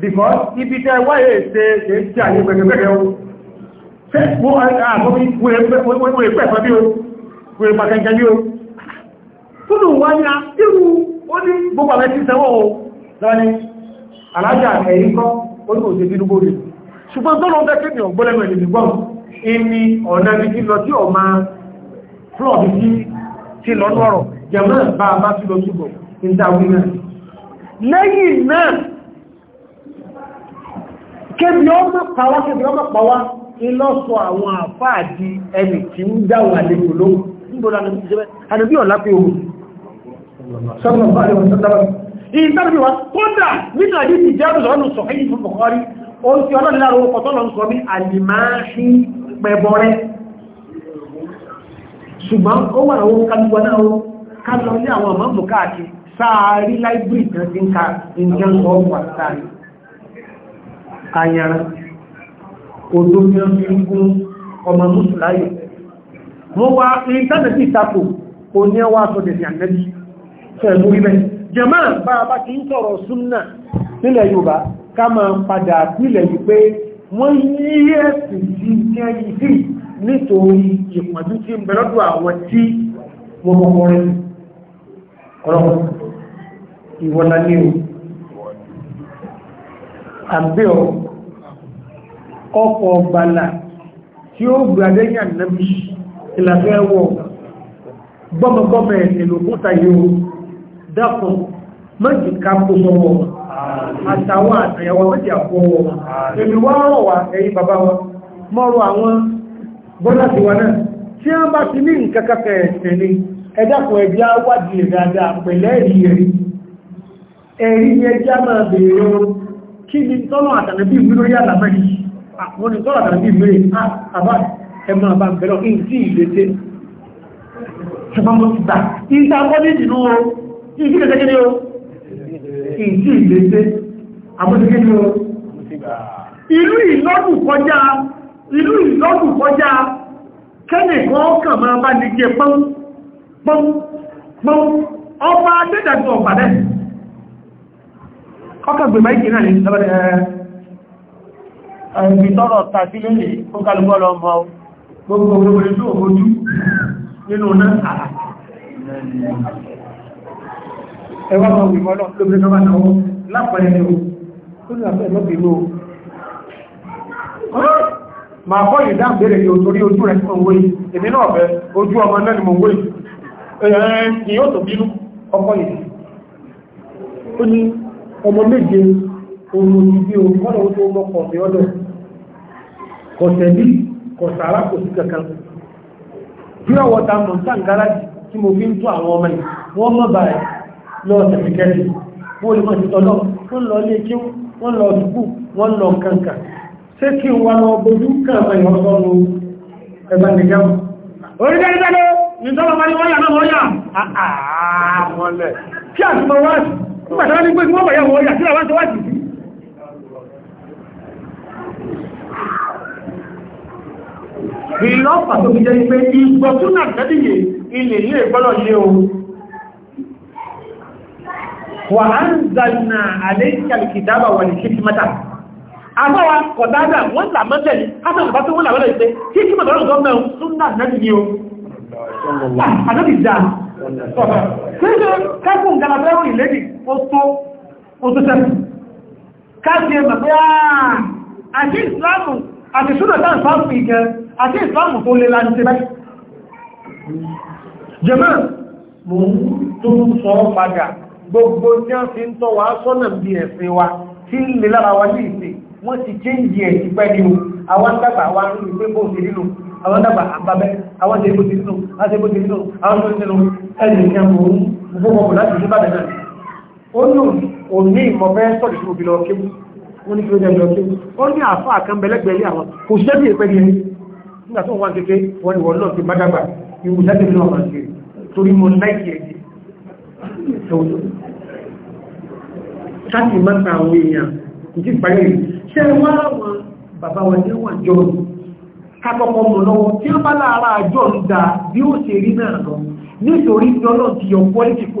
A: because ibi tẹ́ wáyé ṣe ṣe ṣe àyè pẹ̀lẹ̀pẹ̀lẹ̀ o ṣe mú àgbọ́mí pẹ̀fẹ́ bí o wèrè pàkẹ́kẹ́ bí o túnú wá ní irú ó ní gbogbo àwẹ́ tí sẹ́wọ́ o lọ́ni alájà ẹ̀yìn kọ́ ó ní òṣè bí lúgbò rẹ̀ ṣùgbọ́n tó lọ fẹ́ ní ọgbọ́lẹ́nu ẹ̀lẹ́ gbọ́n ìní ọ̀nà bí kí lọ tí ọ máa flọ́ọ̀ bí kí tí lọ́nú ọ̀rọ̀ jẹ̀mọ́ bá a bá tí lọ túbọ̀ ní dáwí náà lẹ́yìn náà kébi ọmọ pàwá kébi ọmọ pàwá ilọ́sọ àwọn àfáà di ẹni tí ń dáwà àlejò lóhùn nígbòdó ànàbí ọ̀lá pé ohun
B: sọ́nà bá àríwọ̀
A: sọ́tàbà ìtàbí wa kódà nínú àdíjì jẹ́ àrùsọ̀rọ̀ sọ̀hí fún bọ̀kọ́rí ó ti ọlọ́dínlára owó pọ̀tọ́lọ̀ ń sọ bí àlìmáṣí pẹ̀bọ̀rẹ́ ṣùgbọ́n ó wà àwọn kálùgbọ́n náà kálọ̀ ní àwọn àmọ́ ayanran odó ní ọmọ igun ọmọ mùsùláyì wọ́n wá ìntánẹ̀tì ìtakò kò ní ẹwà sọ́dẹ̀ sí ànẹ́bí fẹ̀mú ibẹ̀ jẹ́mọ́ bá bá kí ń sọ̀rọ̀ súnnà nílẹ̀ Yorùbá ká máa padà pílẹ̀ yìí pé wọ́n yí ẹ̀sìn sí jẹ́ ìdí nítorí ìpọ̀jú tí ń bẹ̀rọ̀dù àwọn tí wọ́n mọ́kọrin ọ̀rọ̀ ìwọ̀nà ní ohun àbẹ́ ọ ọkọ̀ ọ̀bàlà tí ó gbàdẹ́yà nàbí ìlàfẹ́ wọ gbọ́mọgbọ́mọ ìlòkúta yóò dákùn mọ́jì ká gbogbo àtàwọn àtàyàwó mọ́jì àpọ̀wọ̀ èmi wá rọ̀ wá ẹ̀yìn bàbá wa mọ́rọ̀ àwọn bọ́láti wa náà tí wọ́n bá ti ní nǹkan kẹfẹ́ ẹ̀sẹ̀ ni ẹ̀dàkùn ẹ̀bí á wádìí dáadáa pẹ̀lẹ́ ẹ̀rí ẹ̀rí kí ni tọ́lọ̀ àtàlẹ́bí mi lórí àlàmẹ́rí àwọn ni tọ́lọ̀ àtàlẹ́bí mi rí àbá ẹmọ àbá bẹ̀rọ kí n sí ìgbésẹ̀ ṣọmọmọsíta ìta bọ́dí ìdìnú o kí n sí ìgbésẹ̀ kí o kí n sí ìgbésẹ̀ àbọ́díkẹ́ ni o ìlú ìlọ́dù kọjá ìlú ìlọ́dù kọjá kẹ́nìkan kàn máa bá ní jẹ pọ́n pọ́n pọ́n ọba adẹ́dàgbọ̀ ọ̀gbàdẹ́ ọkàn gbé báyìí náà ní lọ́bẹ̀rẹ̀ ẹ̀rùn ìtọ́rọ̀ tàbí lónìí ó kálùkọ́ lọ mọ́ gbogbo orí tó ojú nínú náà ẹwà mọ̀ wìmọ́ lọ lóbi tó bá náà lápẹẹrẹ o tó ní àpẹẹrẹ lọ́bẹ̀ ló ma kọ́ ìdá bèèrè yóò torí ojú rẹ̀ mọ̀ wé èmi náà bẹ ojú ọmọ náà ni mọ̀ wé ẹ̀yìn yóò tó bínú ọkọ̀ yìí ọmọ méje oòrùn ìbí ohun kọ́nà ó tó mọ́kọ̀ ní ọdọ̀ kọ̀tẹ̀lì kọ̀sàrá kò sí kankan bí ọwọ́ ta mọ̀ sáà gáràjì tí mo fi ń tó àwọn ọmọ yìí wọ́n mọ̀ bàrẹ̀ lọ tẹ̀mìkẹ́lì wọ́n lè mọ̀ sí tọ́lọ́ wọ́n lọ ilé kí wọ́n lọ dùkú wọ́n lọ kankan ṣé kí n wá lọ bojú kàn mọ̀ ìwọ́n sọ́nu ẹ̀bá nìkan orílẹ̀ ìdálẹ́ ìjọba wọn ni wọ́n yà náà wọ́n yà àà wọ́n lẹ̀ kí àtúmọ̀ wáṣì nígbàtà wọ́n ní pé wọ́n wọ̀yá wọ́n yà sílẹ̀ wọ́n tó wà jù sí ìlọ́pà tó fi jẹ́ pé ìgbọ̀túnà tẹ́lìyè ilẹ̀ ilé ìgbọ́lọ̀ yé o wà á ń zanà àlẹ́ ìkàlìkìdába wà ní kíkímátà àbáwa kọ̀dáadà wọ́n là mọ́tẹ̀ ní hásán bá tó wọ́n làwọ́lẹ̀ ìpé kíkímátà lọ́rọ̀ gọ́ọ̀mẹ̀ súnnà nẹ́bìyí o
B: ah, àdọ́bìdá
A: kẹ́kẹ́ kẹ́kùn galabẹ́rún ìlẹ́dìí ó tó sẹ́kù káàkiri ẹ̀mọ̀ pé ah, àti ìsìláàmù àti ṣúnà tán ìsìláàmù ìgẹ àti ìsìláàmù tó lè láti báyìí jẹ́mọ́ mò ń tó sọ padà gbogbo tí a fi ń tọ́ wa sọ́nà bí ẹ̀fẹ́ wa tí ń lè lára wa ní ìsìn wọ́n ti chéńjì ẹ̀ ti pẹ́ nínú àwọn dàgbà wa ń rí pé bóòsì nínú àwọn dàgbà àbábẹ́ àwọn tẹ́gbòsì nínú àwọn tẹ́gbòsì nínú àwọn tẹ́gbòsì nínú ẹ̀rìn ìkẹ́ mò ń gbogbo láti ṣe bàbẹ̀ náà ó ní òní ìmọ̀ bẹ́ẹ̀ sọ̀rọ̀ ìṣòro ìbílọ̀ kéwú wọ́n ní kí ló jẹ́ ìbílọ̀ kéwú ó ní àfá àkànbẹ̀lẹ́gbẹ̀ẹ́ ilé àwọn kò sí ẹbí ìpẹ́ ní ẹni nígbà tó wọ́n kéke wọ́n ni wọ́n náà ti bádágbà ìwú jáde nínú ọmọ ṣe torí mo láìkì ẹ̀jẹ̀ káàkiri máa ta àwọn èèyàn kò sí ìparí rẹ̀ ṣé wọ́n láwọn bàbá wọn ní wọ́n jọ kákọ́kọ́ da bí ó ṣe rí náà lọ nítorí lọ́nà ti yọ pọ́lítì kò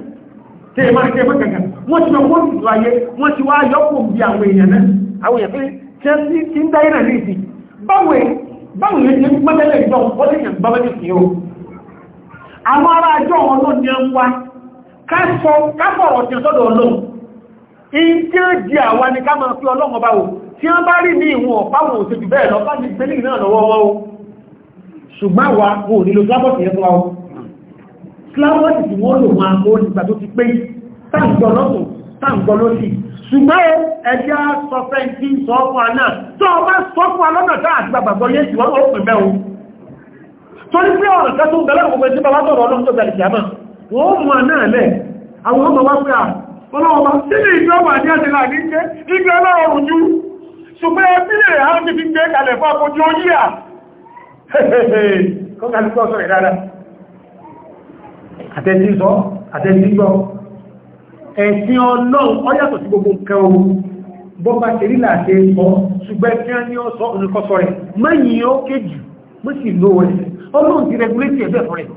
A: tẹ́ẹ̀má tẹ́ẹ̀má kankan wọ́n ti mọ̀ wọ́n ti tó ayé wọ́n ti wá yọ́pọ̀ bí àwọn èèyàn náà àwọn èèyàn pé chelsea ti ń dáyé náà ní ìsìn báwọn báwọn èèyàn ti gbọ́tẹ́lẹ̀ ìjọ wọ́n lè yàn gbọ́mọ́ ní ìsìn o àwọn ará ajọ́ wọn ló ní ẹn wá káfọ̀rọ̀ ti sọ́dọ̀ ọlọ́run in tí ó di àwa ni ká máa fi ọlọ́run ọba wò tí wọ́n bá rí ní ìwọ̀n ọ̀páwọn òṣèlú bẹ́ẹ̀ lọ bá ní ìpínlẹ̀ fúláwọ́sì tí wọ́n lò wọn àmó nígbà tó ti pé táǹgbọ́ lọ́tọ̀ táǹgbọ́ lọ́sì ṣùgbọ́n ẹjá sọ fẹ́ tí ń sọ fún àná tó o bá sọ fún alọ́nà tá àti gbàgbàgbọ́ yé sí wọ́n o torí pé ọ̀rọ̀ kẹ́tù bẹ̀rẹ̀ gbogbo ẹjọ́ bàbá tọ̀rọ̀ ọlọ́run tó bẹ̀rẹ̀ jàmà wọ́n mú àná ẹ̀lẹ́ àtẹ́sísọ àtẹ́sígbọ́ ẹ̀sìn ọlọ́run ọyàtọ̀ sí gbogbo nǹkan ohun bọ́ bá ṣe rílà ṣe sọ ṣùgbọ́n tí wọ́n ní ọ̀sọ́ oníkọ́sọ rẹ̀ mẹ́yìn ó kéjì mọ́ sí ló rẹ̀ ọlọ́run ti regulate ẹ̀bẹ̀ fún rẹ̀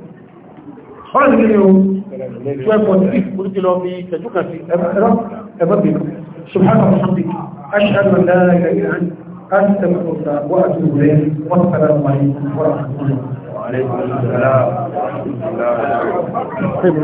A: ọ̀rọ̀ ní ilé ohun 12.6 orí ti lọ fi ṣẹ̀jú kan sí ẹ̀bọ́bì subhanahu wa ta'ala ashhadu an la ilaha illa anta astaghfiruka
B: wa atubu ilayk wa assalamu alaykum wa rahmatullahi وعليكم السلام ورحمة الله وبركاته